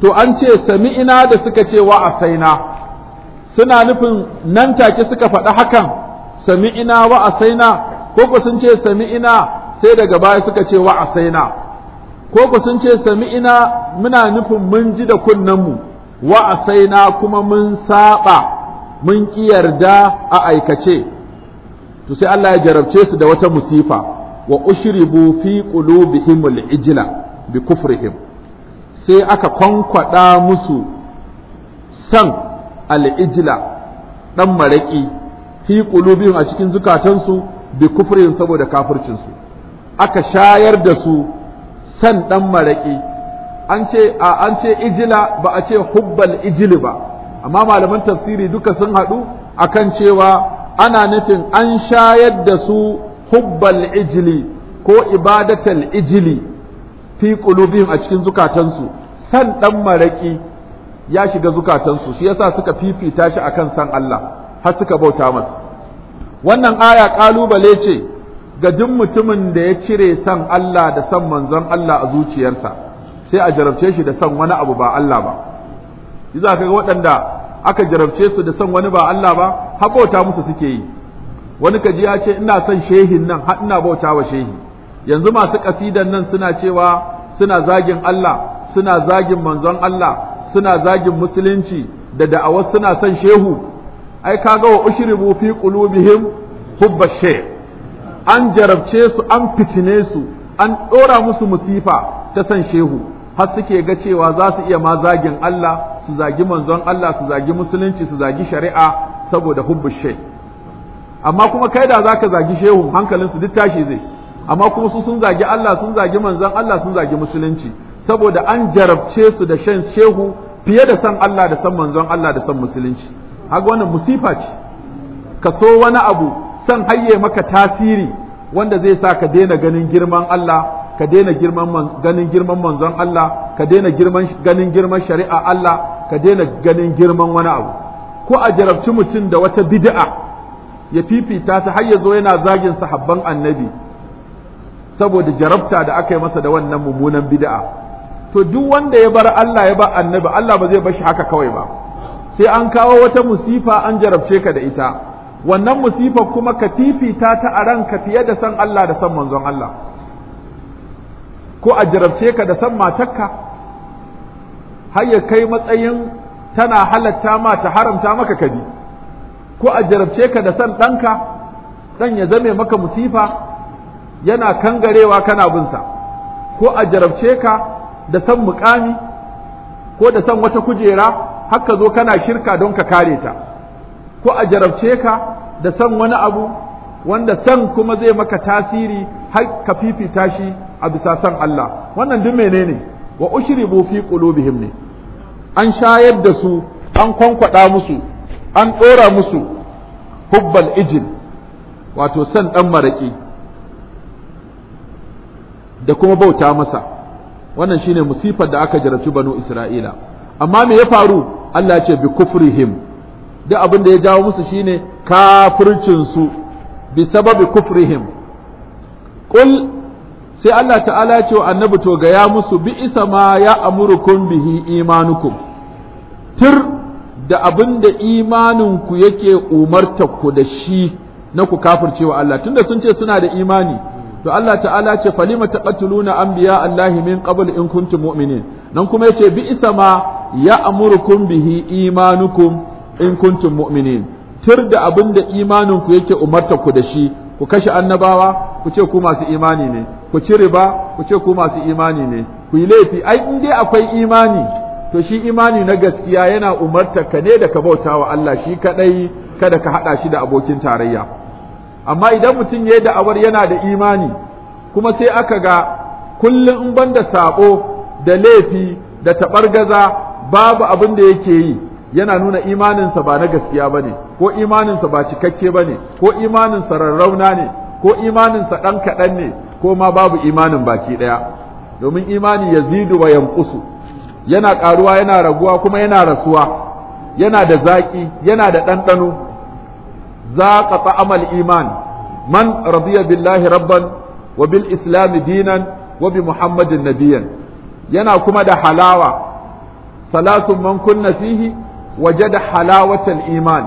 to an ce sami'ina da suka ce wa asaina suna nufin nan take suka faɗi hakan sami'ina wa asaina ko ku sun ce sami'ina sai daga baya suka ce wa asaina ko ku sun ce sami'ina muna nufin mun ji da kunnenmu wa asaina kuma mun saba mun ki yarda a aikace to sai Allah ya jarabce su da wata musifa wa ushribu fi qulubihim al-ijla bi kufrihim sai aka kwankwada musu san al'ijila ɗan maraƙi fi ƙulubin a cikin zukatansu bi kufrin saboda kafircinsu aka shayar da su san ɗan maraƙi an ce a an ce ijila ba a ce hubbal ijili ba amma malaman tafsiri duka sun haɗu akan cewa ana nufin an shayar da su hubbal ijili ko ibadatal ijili fi a cikin zukatansu san ɗan maraƙi ya shiga zukatansu shi yasa suka fifita shi akan san Allah har suka bauta masa wannan aya kalubale ce ga duk mutumin da ya cire san Allah da san manzon Allah a zuciyarsa sai a jarabce shi da san wani abu ba Allah ba ka ga waɗanda aka jarabce su da san wani ba Allah ba har bauta musu suke yi wani kaji ya ce ina son shehin nan har ina bauta wa shehi yanzu masu kasidan nan suna cewa suna zagin Allah suna zagin manzon Allah suna zagin musulunci da wasu suna son shehu ai kaga wa ushribu fi qulubihim hubba shaykh an jarabce su an fitine su an dora musu musifa ta san shehu har suke ga cewa za su iya ma zagin Allah su zagi manzon Allah su zagi musulunci su zagi shari'a saboda hubbu shaykh amma kuma kai da zaka zagi shehu hankalinsu duk tashi zai amma kuma su sun zagi Allah sun zagi manzon Allah sun zagi musulunci saboda an jarabce su da shan shehu fiye da san Allah da san manzon Allah da san musulunci haka wannan musifa ce ka so wani abu san hayye maka tasiri wanda zai sa ka daina ganin girman Allah ka daina girman ganin girman manzon Allah ka daina girman ganin girman shari'a Allah ka daina ganin girman wani abu ko a jarabci mutum da wata bid'a ya fifita ta har ya zo yana zagin sahabban annabi saboda jarabta da aka yi masa da wannan mummunan bid'a to duk wanda ya bar Allah ya ba annabi Allah ba zai bar shi haka kawai ba sai an kawo wata musifa an jarabce ka da ita wannan musifa kuma ka fifita ta a ranka fiye da san Allah da san manzon Allah ko a jarabce ka da san matarka har ya kai matsayin tana halatta ma ta haramta maka kabi ko a jarabce ka da san ɗanka ɗan ya zame maka musifa yana kangarewa kana bin sa ko a jarabce ka da san mukami ko da san wata kujera haka zo kana shirka don ka kare ta ko a jarabce ka da san wani abu wanda san kuma zai maka tasiri har ka fifita shi a bisa san Allah wannan duk menene wa ushribu fi qulubihim ne an shayar da su an kwankwada musu an dora musu hubbal ijil wato san dan maraki da kuma bauta masa wannan shine musifar da aka jarabci banu isra'ila amma me ya faru Allah ya ce bi kufrihim duk abin da ya jawo musu shine kafircin su bi sababi kufrihim kul sai Allah ta'ala ya ce wa annabi to ga ya musu bi isa ma ya amurukum bihi imanukum tir da abin da imanin ku yake umartar ku da shi na ku kafircewa Allah tunda sun ce suna da imani to Allah ta'ala ce falima an anbiya allah min qabl in kuntum mu'minin nan kuma yace bi isa ma ya'murukum bihi imanukum in kuntum mu'minin tir da abin da imanin ku yake umarta ku da shi ku kashe annabawa ku ce ku masu imani ne ku ci riba ku ce ku masu imani ne ku yi laifi ai in dai akwai imani to shi imani na gaskiya yana umarta ka ne da ka bautawa Allah shi kadai kada ka hada shi da abokin tarayya amma idan mutum ya yi da'awar yana da imani kuma sai aka ga kullum in banda sabo da laifi da taɓargaza babu abin da yake yi yana nuna imaninsa ba na gaskiya ba ne ko imaninsa ba cikakke ba ne ko imaninsa rarrauna ne ko imaninsa ɗan kaɗan ne ko ma babu imanin baki ɗaya domin imani yazidu zidu wa yankusu yana ƙaruwa yana raguwa kuma yana rasuwa yana da zaƙi yana da ɗanɗano ذاق طعم الإيمان من رضي بالله ربا وبالإسلام دينا وبمحمد نبيا ينا كما دا حلاوة ثلاث من كن فيه وجد حلاوة الإيمان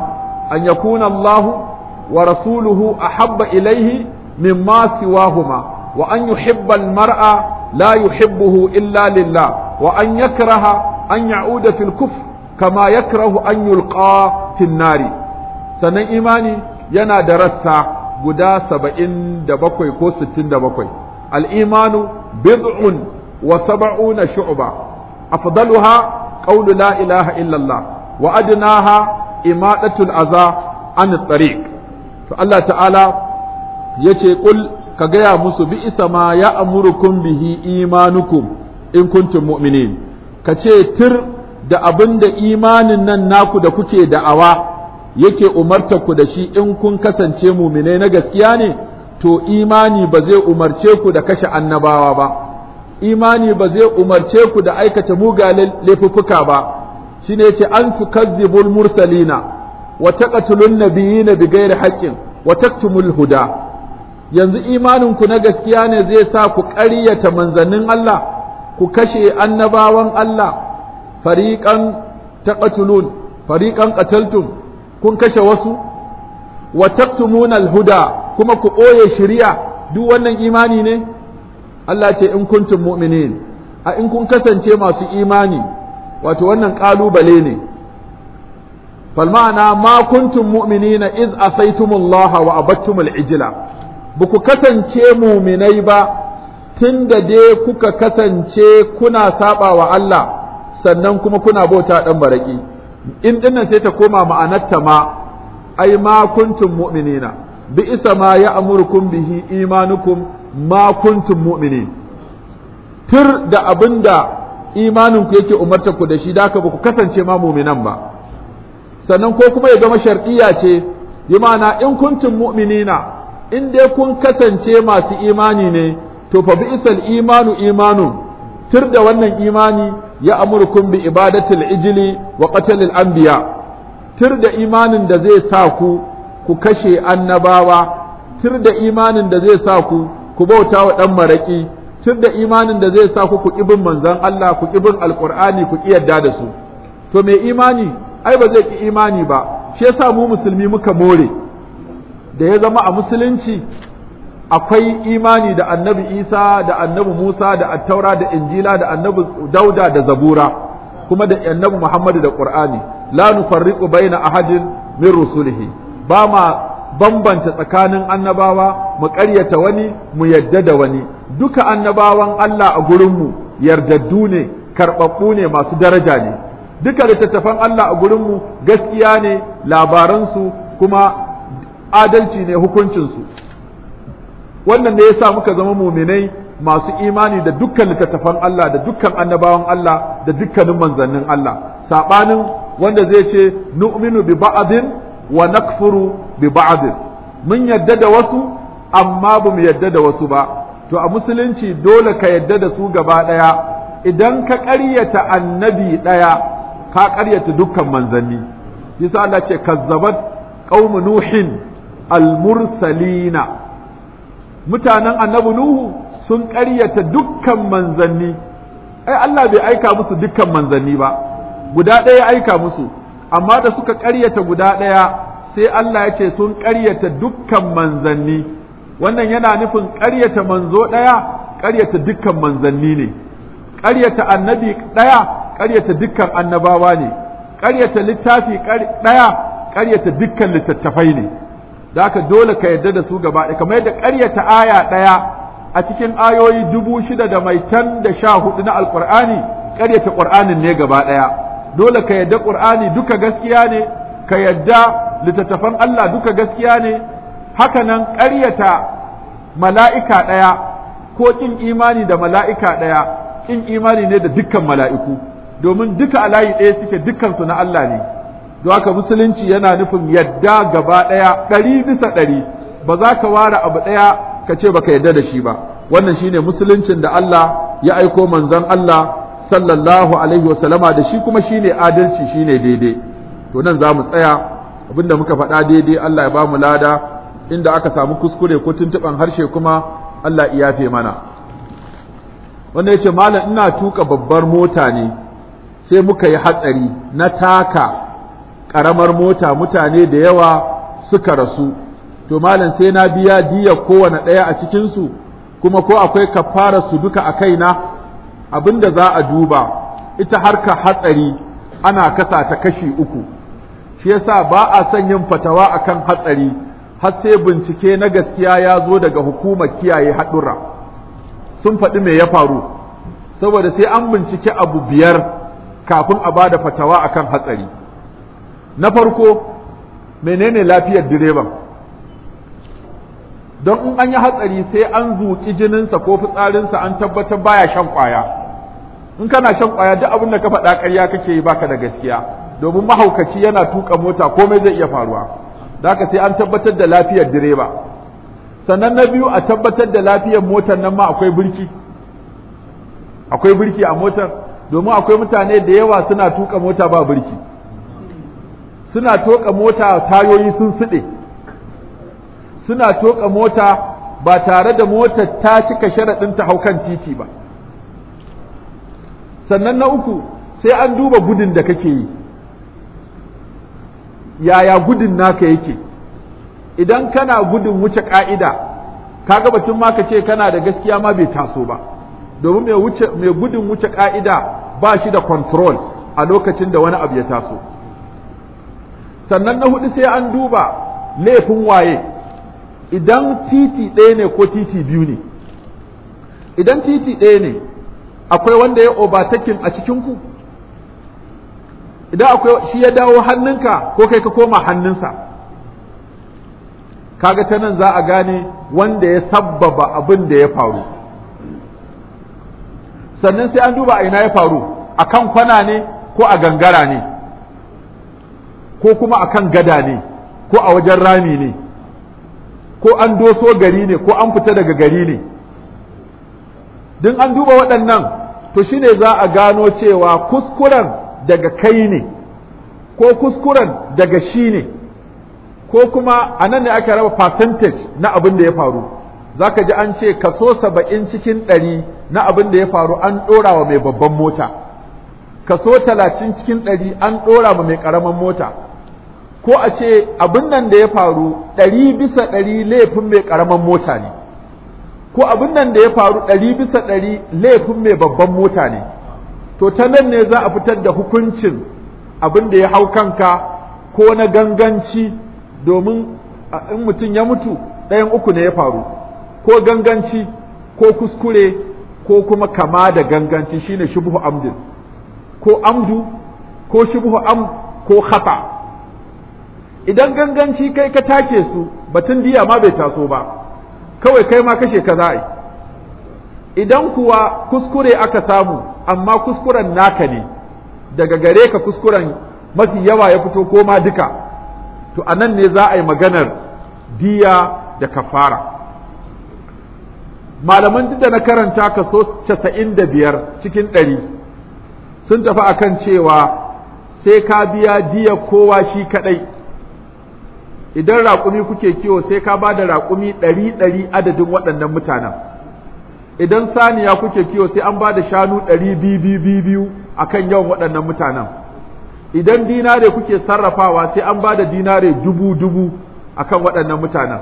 أن يكون الله ورسوله أحب إليه مما سواهما وأن يحب المرأة لا يحبه إلا لله وأن يكره أن يعود في الكفر كما يكره أن يلقى في النار sannan imani yana da rassa guda saba'in da bakwai ko sittin da bakwai al'imanu bid'un wa saba'una shu'ba afdaluha qawlu la ilaha illallah wa adnaha imadatul aza an tariq to Allah ta'ala yace qul ka gaya musu bi isa ma ya amurukum bihi imanukum in kuntum mu'minin ka ce tir da abin da imanin nan naku da kuke da'awa yake umarta ku da shi in kun kasance muminai na gaskiya ne to imani ba zai umarce ku da kashe annabawa ba imani ba zai umarce ku da aikata mugayen laifuffuka ba shine yace an tukazzibul mursalina wa taqtulun nabiyina bighairi haqqin wa taktumul huda yanzu imanin ku na gaskiya ne zai sa ku ƙaryata manzannin Allah ku kashe annabawan Allah fariqan taqtulun fariqan qataltum kun kashe wasu wa taqtumuna al-huda kuma ku ɓoye shari'a duk wannan imani ne Allah ce in kuntum mu'minin a in kun kasance masu imani wato wannan kalubale ne fal ma'ana ma kuntum mu'minina iz asaitumullaha wa abattumul ijla ba ku kasance muminai ba tun da dai kuka kasance kuna saba wa Allah sannan kuma kuna bauta ɗan baraki in dinnan sai ta koma ma'anarta ma ai ma kuntum mu'minina bi isa ma ya'murukum bihi imanukum ma kuntum mu'minin tur da abinda imanin ku yake umarta ku da shi da ka ku kasance ma mu'minan ba sannan ko kuma ya gama shar'iyya ce yi mana in kuntum mu'minina in dai kun kasance masu imani ne to fa bi isal imanu imanu tur da wannan imani ya'murukum bi ibadatul ijli wa ƙatalil anbiya tir da imanin da zai sa ku ku kashe annabawa tir da imanin da zai sa ku ku bauta wa dan maraki tir da imanin da zai sa ku ku kibin manzon Allah ku kibin alqur'ani ku yadda da su to mai imani ai ba zai ki imani ba shi yasa mu musulmi muka more da ya zama a musulunci akwai imani da annabi isa da annabi musa da attaura da injila da annabi dauda da zabura kuma da annabi muhammadu da qur'ani la nufarriqu baina ahadin min rusulihi ba ma bambanta tsakanin annabawa mu ƙaryata wani mu yadda da wani duka annabawan Allah a gurinmu yardaddu ne karɓaɓɓu ne masu daraja ne duka littattafan Allah a gurinmu gaskiya ne labaransu kuma adalci ne hukuncinsu wannan ne yasa muka zama muminai masu imani da dukkan littattafan Allah da dukkan annabawan Allah da dukkanin manzannin Allah sabanin wanda zai ce nu'minu bi ba'din wa nakfuru bi ba'din mun yadda da wasu amma ba mu yadda da wasu ba to a musulunci dole ka yadda da su gaba daya idan ka ƙaryata annabi daya ka ƙaryata dukkan manzanni yasa Allah ce kazzabat qaum nuhin al-mursalina mutanen annabi nuhu sun ƙaryata dukkan manzanni ai Allah bai aika musu dukkan manzanni ba guda ɗaya aika musu amma da suka ƙaryata guda ɗaya sai Allah ya ce sun ƙaryata dukkan manzanni wannan yana nufin ƙaryata manzo ɗaya ƙaryata dukkan manzanni ne ƙaryata annabi ɗaya ƙaryata dukkan annabawa ne ƙaryata littafi ɗaya ƙaryata dukkan littattafai ne da haka dole ka yarda da su gaba ɗaya kamar yadda ƙaryata aya ɗaya a cikin ayoyi dubu shida da mai tan da sha hudu na alƙur'ani ƙaryata ƙur'anin ne gaba ɗaya dole ka yarda ƙur'ani duka gaskiya ne ka yarda littattafan Allah duka gaskiya ne haka nan ƙaryata mala'ika ɗaya ko ƙin imani da mala'ika ɗaya ƙin imani ne da dukkan mala'iku domin duka a layi ɗaya suke dukkansu na Allah ne don haka musulunci yana nufin yadda gaba ɗaya ɗari bisa ɗari ba za ka ware abu ɗaya ka ce baka yadda da shi ba wannan shine musuluncin da Allah ya aiko manzon Allah sallallahu alaihi wasallama da shi kuma shine adalci shine daidai to nan za mu tsaya abinda muka faɗa daidai Allah ya bamu lada inda aka samu kuskure ko tuntuɓan harshe kuma Allah ya yafe mana wanda ya ce malam ina tuka babbar mota ne sai muka yi hatsari na taka ƙaramar mota mutane da yawa suka rasu to malam sai na biya jiya kowane ɗaya a cikinsu kuma ko akwai kafara su duka a kaina abinda za a duba ita harka hatsari ana kasa ta kashi uku shi yasa ba a son yin fatawa akan hatsari har sai bincike na gaskiya ya zo daga hukumar kiyaye haɗura sun faɗi me ya faru saboda sai an bincike abu biyar kafin a ba da fatawa akan hatsari na farko menene lafiyar direban don in an yi hatsari sai an zuƙi jininsa ko fitsarinsa an tabbatar baya shan ƙwaya in kana shan ƙwaya duk abin da ka faɗa ƙarya kake yi baka da gaskiya domin mahaukaci yana tuka mota komai zai iya faruwa da haka sai an tabbatar da lafiyar direba sannan na biyu a tabbatar da lafiyar motar nan ma akwai birki akwai birki a motar domin akwai mutane da yawa suna tuka mota ba birki suna toka mota tayoyi sun suɗe suna toka mota ba tare da motar ta cika sharaɗin ta haukan titi ba sannan na uku sai an duba gudun da kake yi yaya gudun naka yake idan kana gudun wuce ka'ida kaga batun ma ka ce kana da gaskiya ma bai taso ba domin mai gudun wuce ka'ida ba shi da control a lokacin da wani abu ya taso sannan na hudu sai an duba laifin waye idan titi ɗaya ne ko titi biyu ne idan titi ɗaya ne akwai wanda ya obatakin a cikinku idan akwai shi ya dawo hannunka ko kai ka koma hannunsa kaga ta nan za a gane wanda ya sabbaba abin da ya faru sannan sai an duba a ina ya faru a kan kwana ne ko a gangara ne ko kuma a kan gada ne ko a wajen rami ne ko an doso gari ne ko an fita daga gari ne din an duba waɗannan to shine za a gano cewa kuskuren daga kai ne ko kuskuren daga shi ne ko kuma a nan ne ake raba percentage na abin da ya faru za ka ji an ce kaso saba'in cikin ɗari na abin da ya faru an ɗora wa mai babban mota kaso talatin cikin ɗari an ɗora wa mai ƙaramin mota ko a ce abin nan da ya faru ɗari bisa ɗari laifin mai ƙaramin mota ne ko abin nan da ya faru ɗari bisa ɗari laifin mai babban mota ne to ta nan ne za a fitar da hukuncin abin da ya hau kanka ko na ganganci domin in mutum ya mutu ɗayan uku ne ya faru ko ganganci ko kuskure ko kuma kama da ganganci shine shubhu amdin ko amdu ko shubhu am ko khata' idan ganganci kai ka take su batun diya ma bai taso ba kawai kai ma kashe ka za'a idan kuwa kuskure aka samu amma kuskuren naka ne daga gare ka kuskuren mafi yawa ya fito ko ma duka to a nan ne za a yi maganar diya da kafara malaman duk da na karanta ka kaso 95 cikin 100 sun tafi akan cewa sai ka biya diya kowa shi kadai idan raƙumi kuke kiwo sai ka ba da raƙumi ɗari ɗari adadin waɗannan mutanen idan saniya kuke kiwo sai an ba da shanu ɗari biyu biyu a kan yawan waɗannan mutanen idan dinare kuke sarrafawa sai an ba da dinare dubu dubu a kan waɗannan mutanen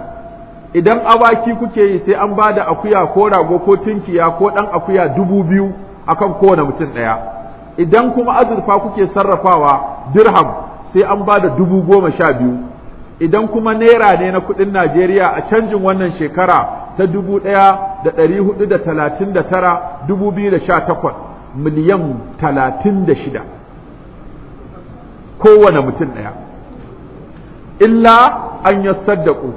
idan awaki kuke yi sai an ba da akuya ko rago ko tunkiya ko ɗan akuya dubu biyu a kan kowane mutum ɗaya idan kuma azurfa kuke sarrafawa dirham sai an ba da dubu goma sha biyu idan kuma naira ne na kuɗin Najeriya a canjin wannan shekara ta dubu ɗaya ɗari hudu da talatin da tara dubu biyu miliyan talatin kowane mutum ɗaya illa an yi saddaƙo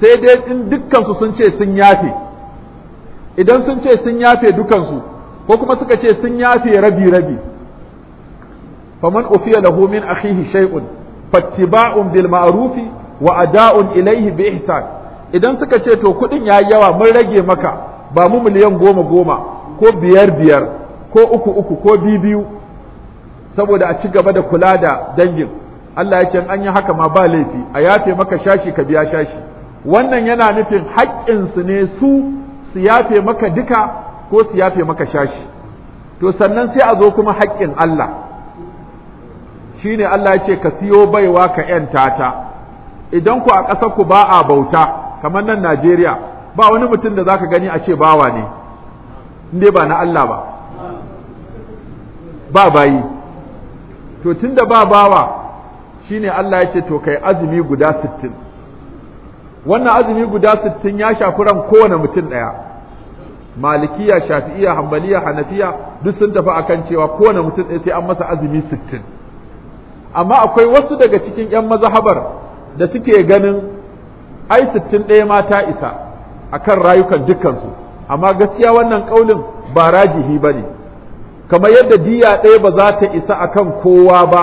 sai dai in dukkansu sun ce sun yafe idan sun ce sun yafe dukansu ko kuma suka ce sun yafe rabi-rabi faman ofiya lahu akhihi shay'un fattiba'un bil ma'rufi wa ada'un ilaihi bi ihsan idan suka ce to kudin yayi yawa mun rage maka ba mu miliyan goma goma ko biyar biyar ko uku uku ko biyu saboda a ci gaba da kula da dangin Allah ya ce an yi haka ma ba laifi a yafe maka shashi ka biya shashi wannan yana nufin haƙƙinsu ne su su yafe maka duka ko su yafe maka shashi to sannan sai a zo kuma haƙƙin Allah shine Allah ya ce ka siyo baiwa ka yanta ta idan ku a ƙasar ku ba a bauta kamar nan Najeriya ba wani mutum da zaka gani a ce bawa ne inde ba na Allah ba ba bayi to tunda ba bawa shine Allah ya ce to kai azumi guda 60 wannan azumi guda 60 ya shafi ran kowane mutum daya malikiya shafi'iya hanbaliya hanafiya duk sun tafi akan cewa kowane mutum ɗaya sai an masa azumi 60 amma akwai wasu daga cikin 'yan mazahabar da suke ganin ai sittin ɗaya mata isa akan rayukan dukkansu amma gaskiya wannan ƙaunin ba rajihi ba ne kamar yadda diya ɗaya ba za ta isa akan kowa ba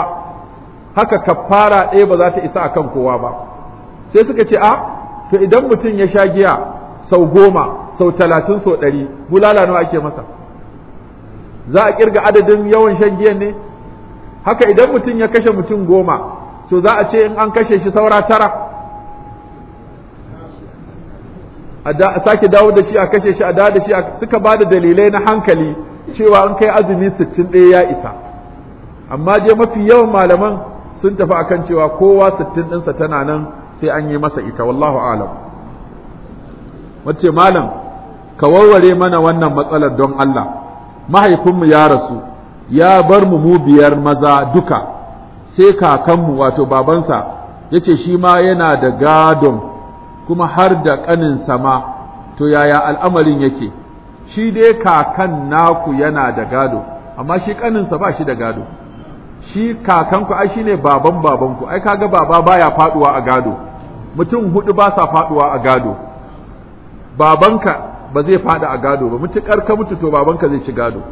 haka kafara ɗaya ba za ta isa akan kowa ba sai suka ce a to idan mutum ya sha giya sau goma sau talatin sau ɗari bulala nawa ake masa za a kirga adadin yawan shan giyan ne haka idan mutum ya kashe mutum goma so za a ce in an kashe shi saura tara a sake dawo da shi a kashe shi a dawo da shi suka ba da dalilai na hankali cewa an kai azumi sittin ɗaya ya isa amma je mafi yawan malaman sun tafi akan cewa kowa sittin ɗinsa tana nan sai an yi masa ita wallahu alam wace malam ka warware mana wannan matsalar don Allah mahaifinmu ya rasu ya bar mu mu biyar maza duka sai kakanmu wato babansa ya ce shi ma yana da gadon kuma har da ƙanin sama to yaya al'amarin yake shi dai kakan naku yana da gado amma shi ƙaninsa ba shi da gado shi kakanku ai shine baban babanku ai kaga baba baya faduwa a gado mutum hudu ba sa faduwa a gado babanka ba zai fada a gado ba mutukar ka mutu to babanka zai ci gado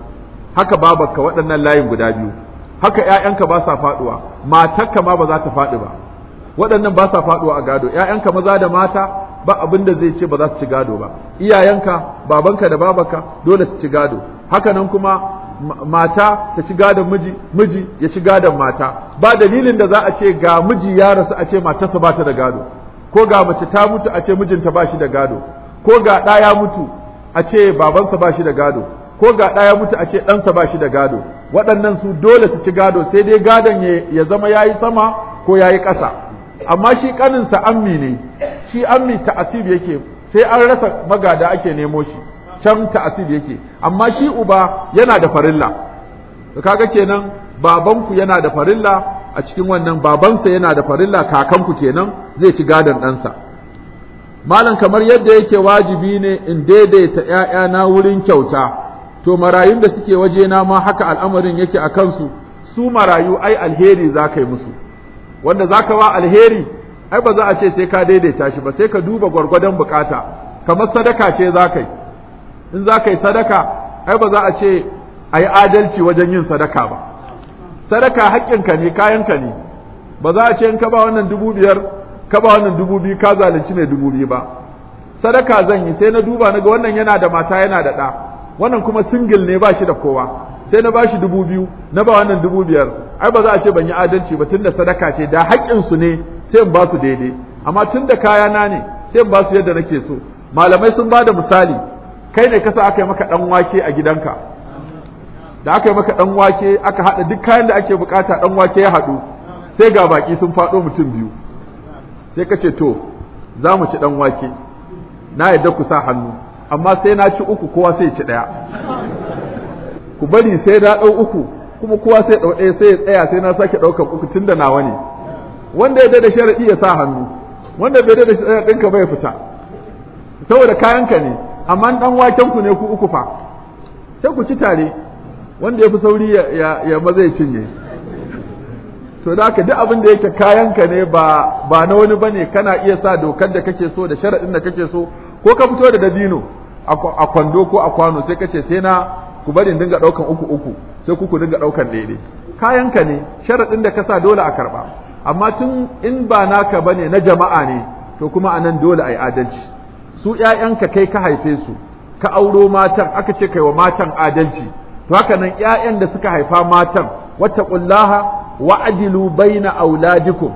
haka babarka waɗannan layin guda biyu haka ƴaƴanka ba sa faɗuwa matarka ma ba za ta faɗi ba waɗannan ba sa faɗuwa a gado 'ya'yanka maza da mata ba abin da zai ce ba za su ci gado ba iyayenka babanka da babarka dole su ci gado haka nan kuma mata ta ci gadon miji miji ya ci gadon mata ba dalilin da za a ce ga miji ya rasu a ce matarsa ba ta da gado ko ga mace ta mutu a ce mijinta ba shi da gado ko ga ɗa ya mutu a ce babansa ba shi da gado ko ga ya mutu a ce ɗansa ba shi da gado waɗannan su dole su ci gado sai dai gadon ya zama ya yi sama ko ya yi ƙasa amma shi ƙaninsa ammi ne shi ammi ta'asib yake sai an rasa magada ake nemo shi can ta'asib yake amma shi uba yana da farilla kaga kenan babanku yana da farilla a cikin wannan babansa yana da farilla kakanku kenan zai ci gadon ɗansa malam kamar yadda yake wajibi ne in daidaita ‘ya'yana wurin kyauta to marayun da suke waje na ma haka al'amarin yake a kansu su marayu ai alheri za ka yi musu wanda za ka ba alheri ai ba za a ce sai ka daidaita shi ba sai ka duba gwargwadon bukata kamar sadaka ce za ka yi in za ka yi sadaka ai ba za a ce a yi adalci wajen yin sadaka ba sadaka ka ne kayanka ne ba za a ce in ka ba wannan dubu biyar ka ba wannan dubu biyu ka zalunci mai dubu biyu ba sadaka zan yi sai na duba na ga wannan yana da mata yana da ɗa wannan kuma single ne ba shi da kowa sai na ba shi dubu biyu na ba wannan dubu biyar ai ba za a ce ban yi adalci ba tunda sadaka ce da su ne sai in ba su daidai amma tunda kaya na ne sai in ba su yadda nake so malamai sun ba da misali kai ne kasa aka yi maka ɗan wake a gidanka da aka yi maka ɗan wake aka haɗa duk kayan da ake bukata ɗanwake wake ya haɗu sai ga baki sun faɗo mutum biyu sai ka ce to za mu ci ɗan wake na yadda ku sa hannu amma sai na ci uku kowa sai ci ɗaya ku bari sai na ɗau uku kuma kowa sai ɗau ɗaya sai ya tsaya sai na sake ɗaukar uku tun da nawa ne wanda ya dada sharaɗi ya sa hannu wanda bai dada sharaɗin ka bai fita saboda kayanka ne amma ɗan waken ku ne ku uku fa sai ku ci tare wanda ya fi sauri ya maza ya cinye to da haka duk abin da yake ka ne ba ba na wani bane kana iya sa dokar da kake so da sharaɗin da kake so ko ka fito da dabino a kwando ko a kwano sai kace sai na ku bari dinga daukan uku uku sai ku ku dinga daukan daidai kayan ka ne sharadin da ka sa dole a karba amma tun in ba naka bane na jama'a ne to kuma anan dole ai adalci su ƴaƴanka kai ka haife su ka auro matan aka ce kai wa matan adalci to haka nan ƴaƴan da suka haifa matan wata wattaqullaha wa'dilu baina auladikum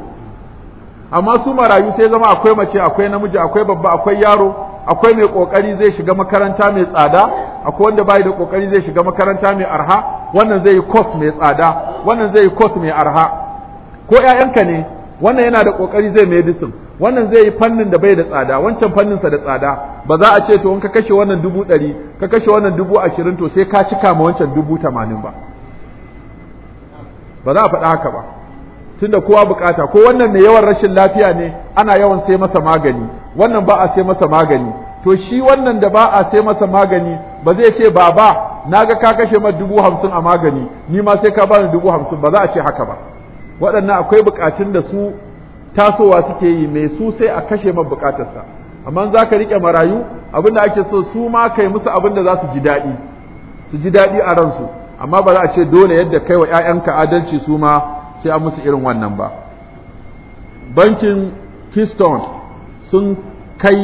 amma su marayu sai zama akwai mace akwai namiji akwai babba akwai yaro akwai mai kokari zai shiga makaranta mai tsada akwai wanda bai da kokari zai shiga makaranta mai arha wannan zai yi course mai tsada wannan zai yi course mai arha ko ƴaƴanka ne wannan yana da kokari zai medicine wannan zai yi fannin da bai da tsada wancan fannin sa da tsada ba za a ce to in ka kashe wannan dubu ɗari ka kashe wannan dubu ashirin to sai ka cika ma wancan dubu tamanin ba ba za a faɗa haka ba tunda kowa bukata ko wannan mai yawan rashin lafiya ne ana yawan sai masa magani wannan ba a sai masa magani to shi wannan da ba a sai masa magani ba zai ce baba ga ka kashe ma dubu hamsin a magani ni ma sai ka bani dubu hamsin ba za a ce haka ba waɗannan akwai bukatun da su tasowa suke yi mai su sai a kashe ma bukatarsa amma za ka riƙe marayu abin da ake so su ma kai musu abin da za su ji daɗi su ji daɗi a ransu amma ba za a ce dole yadda kai wa 'ya'yanka adalci su ma sai an musu irin wannan ba bankin keystone sun kai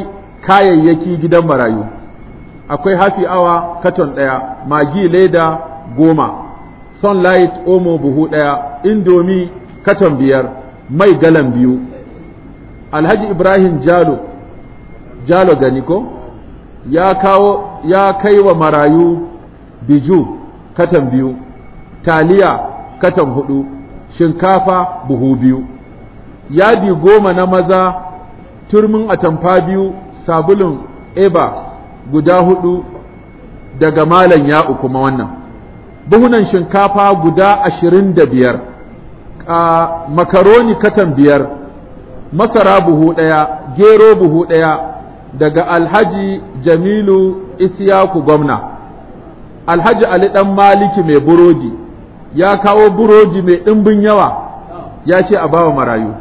kayayyaki gidan marayu akwai hafi awa katon ɗaya magi leda goma sunlight omo buhu ɗaya indomi katon biyar mai galan biyu alhaji ibrahim jalo jalo gani ko ya kawo ya kai wa marayu biju katon biyu taliya katon hudu shinkafa buhu biyu yadi goma na maza turmin atamfa biyu sabulun eba guda hudu daga malan ya'u kuma wannan buhunan shinkafa guda ashirin da biyar makaroni katan biyar masara buhu ɗaya gero buhu ɗaya daga alhaji jamilu isiyaku gwamna alhaji ali ɗan maliki mai burodi ya kawo buroji mai ɗimbin yawa ya ce a bawa marayu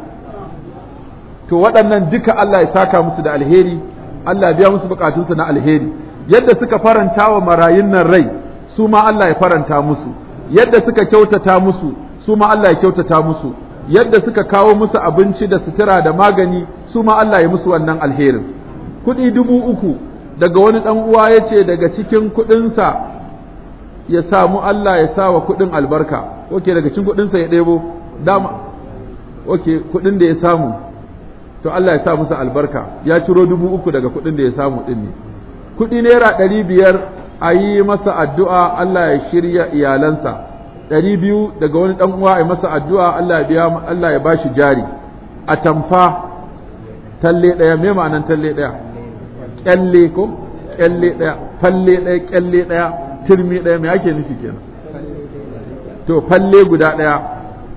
to waɗannan duka Allah ya saka musu da alheri Allah biya musu bukatunsu na alheri yadda suka faranta wa marayun nan rai su ma Allah ya faranta musu yadda suka kyautata musu su ma Allah ya kyautata musu yadda suka kawo musu abinci da sutura da magani su ma Allah ya musu wannan alherin kuɗi dubu uku daga wani ɗan uwa ya ce daga cikin kuɗinsa ya samu Allah ya sa wa kuɗin albarka oke daga cin kuɗinsa ya ɗebo dama oke kuɗin da ya samu to Allah ya sa musu albarka ya ciro dubu uku daga kuɗin da ya samu ɗin ne kuɗi naira ɗari biyar a yi masa addu'a Allah ya shirya iyalansa ɗari biyu daga wani ɗan uwa a masa addu'a Allah ya biya Allah ya ba shi jari a tamfa talle ɗaya me ma'anan talle ɗaya kyalle ko kyalle ɗaya falle ɗaya kyalle ɗaya kirmi ɗaya mai ake nufi kenan to falle guda ɗaya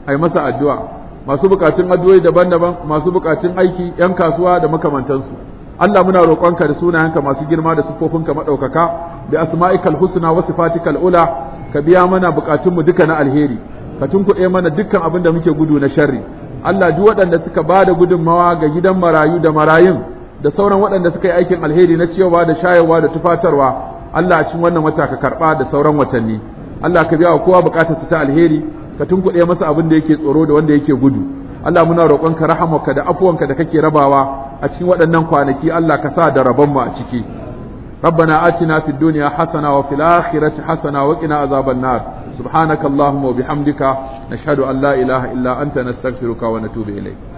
a yi masa addu'a masu bukacin addu'o'i daban-daban masu bukatun aiki ‘yan kasuwa da makamantansu Allah muna roƙonka da sunayenka masu girma da siffofinka maɗaukaka da asma'ikal husna wasu sifatikal ula ka biya mana bukatunmu duka na alheri ka tunkuɗe mana dukkan abin da muke gudu na sharri Allah duk waɗanda suka ba da gudunmawa ga gidan marayu da marayun da sauran waɗanda suka yi aikin alheri na ciyarwa da shayarwa da tufatarwa Allah a cikin wannan wata ka karɓa da sauran watanni Allah ka biya wa kowa su ta alheri ka tunkuɗe masa abin da yake tsoro da wanda yake gudu Allah muna roƙonka rahamarka da afuwanka da kake rabawa a cikin waɗannan kwanaki Allah ka sa da rabonmu a ciki ربنا آتنا في الدنيا حسنة وفي الآخرة حسنة وقنا عذاب النار سبحانك اللهم وبحمدك نشهد أن لا إله إلا أنت نستغفرك ونتوب إليك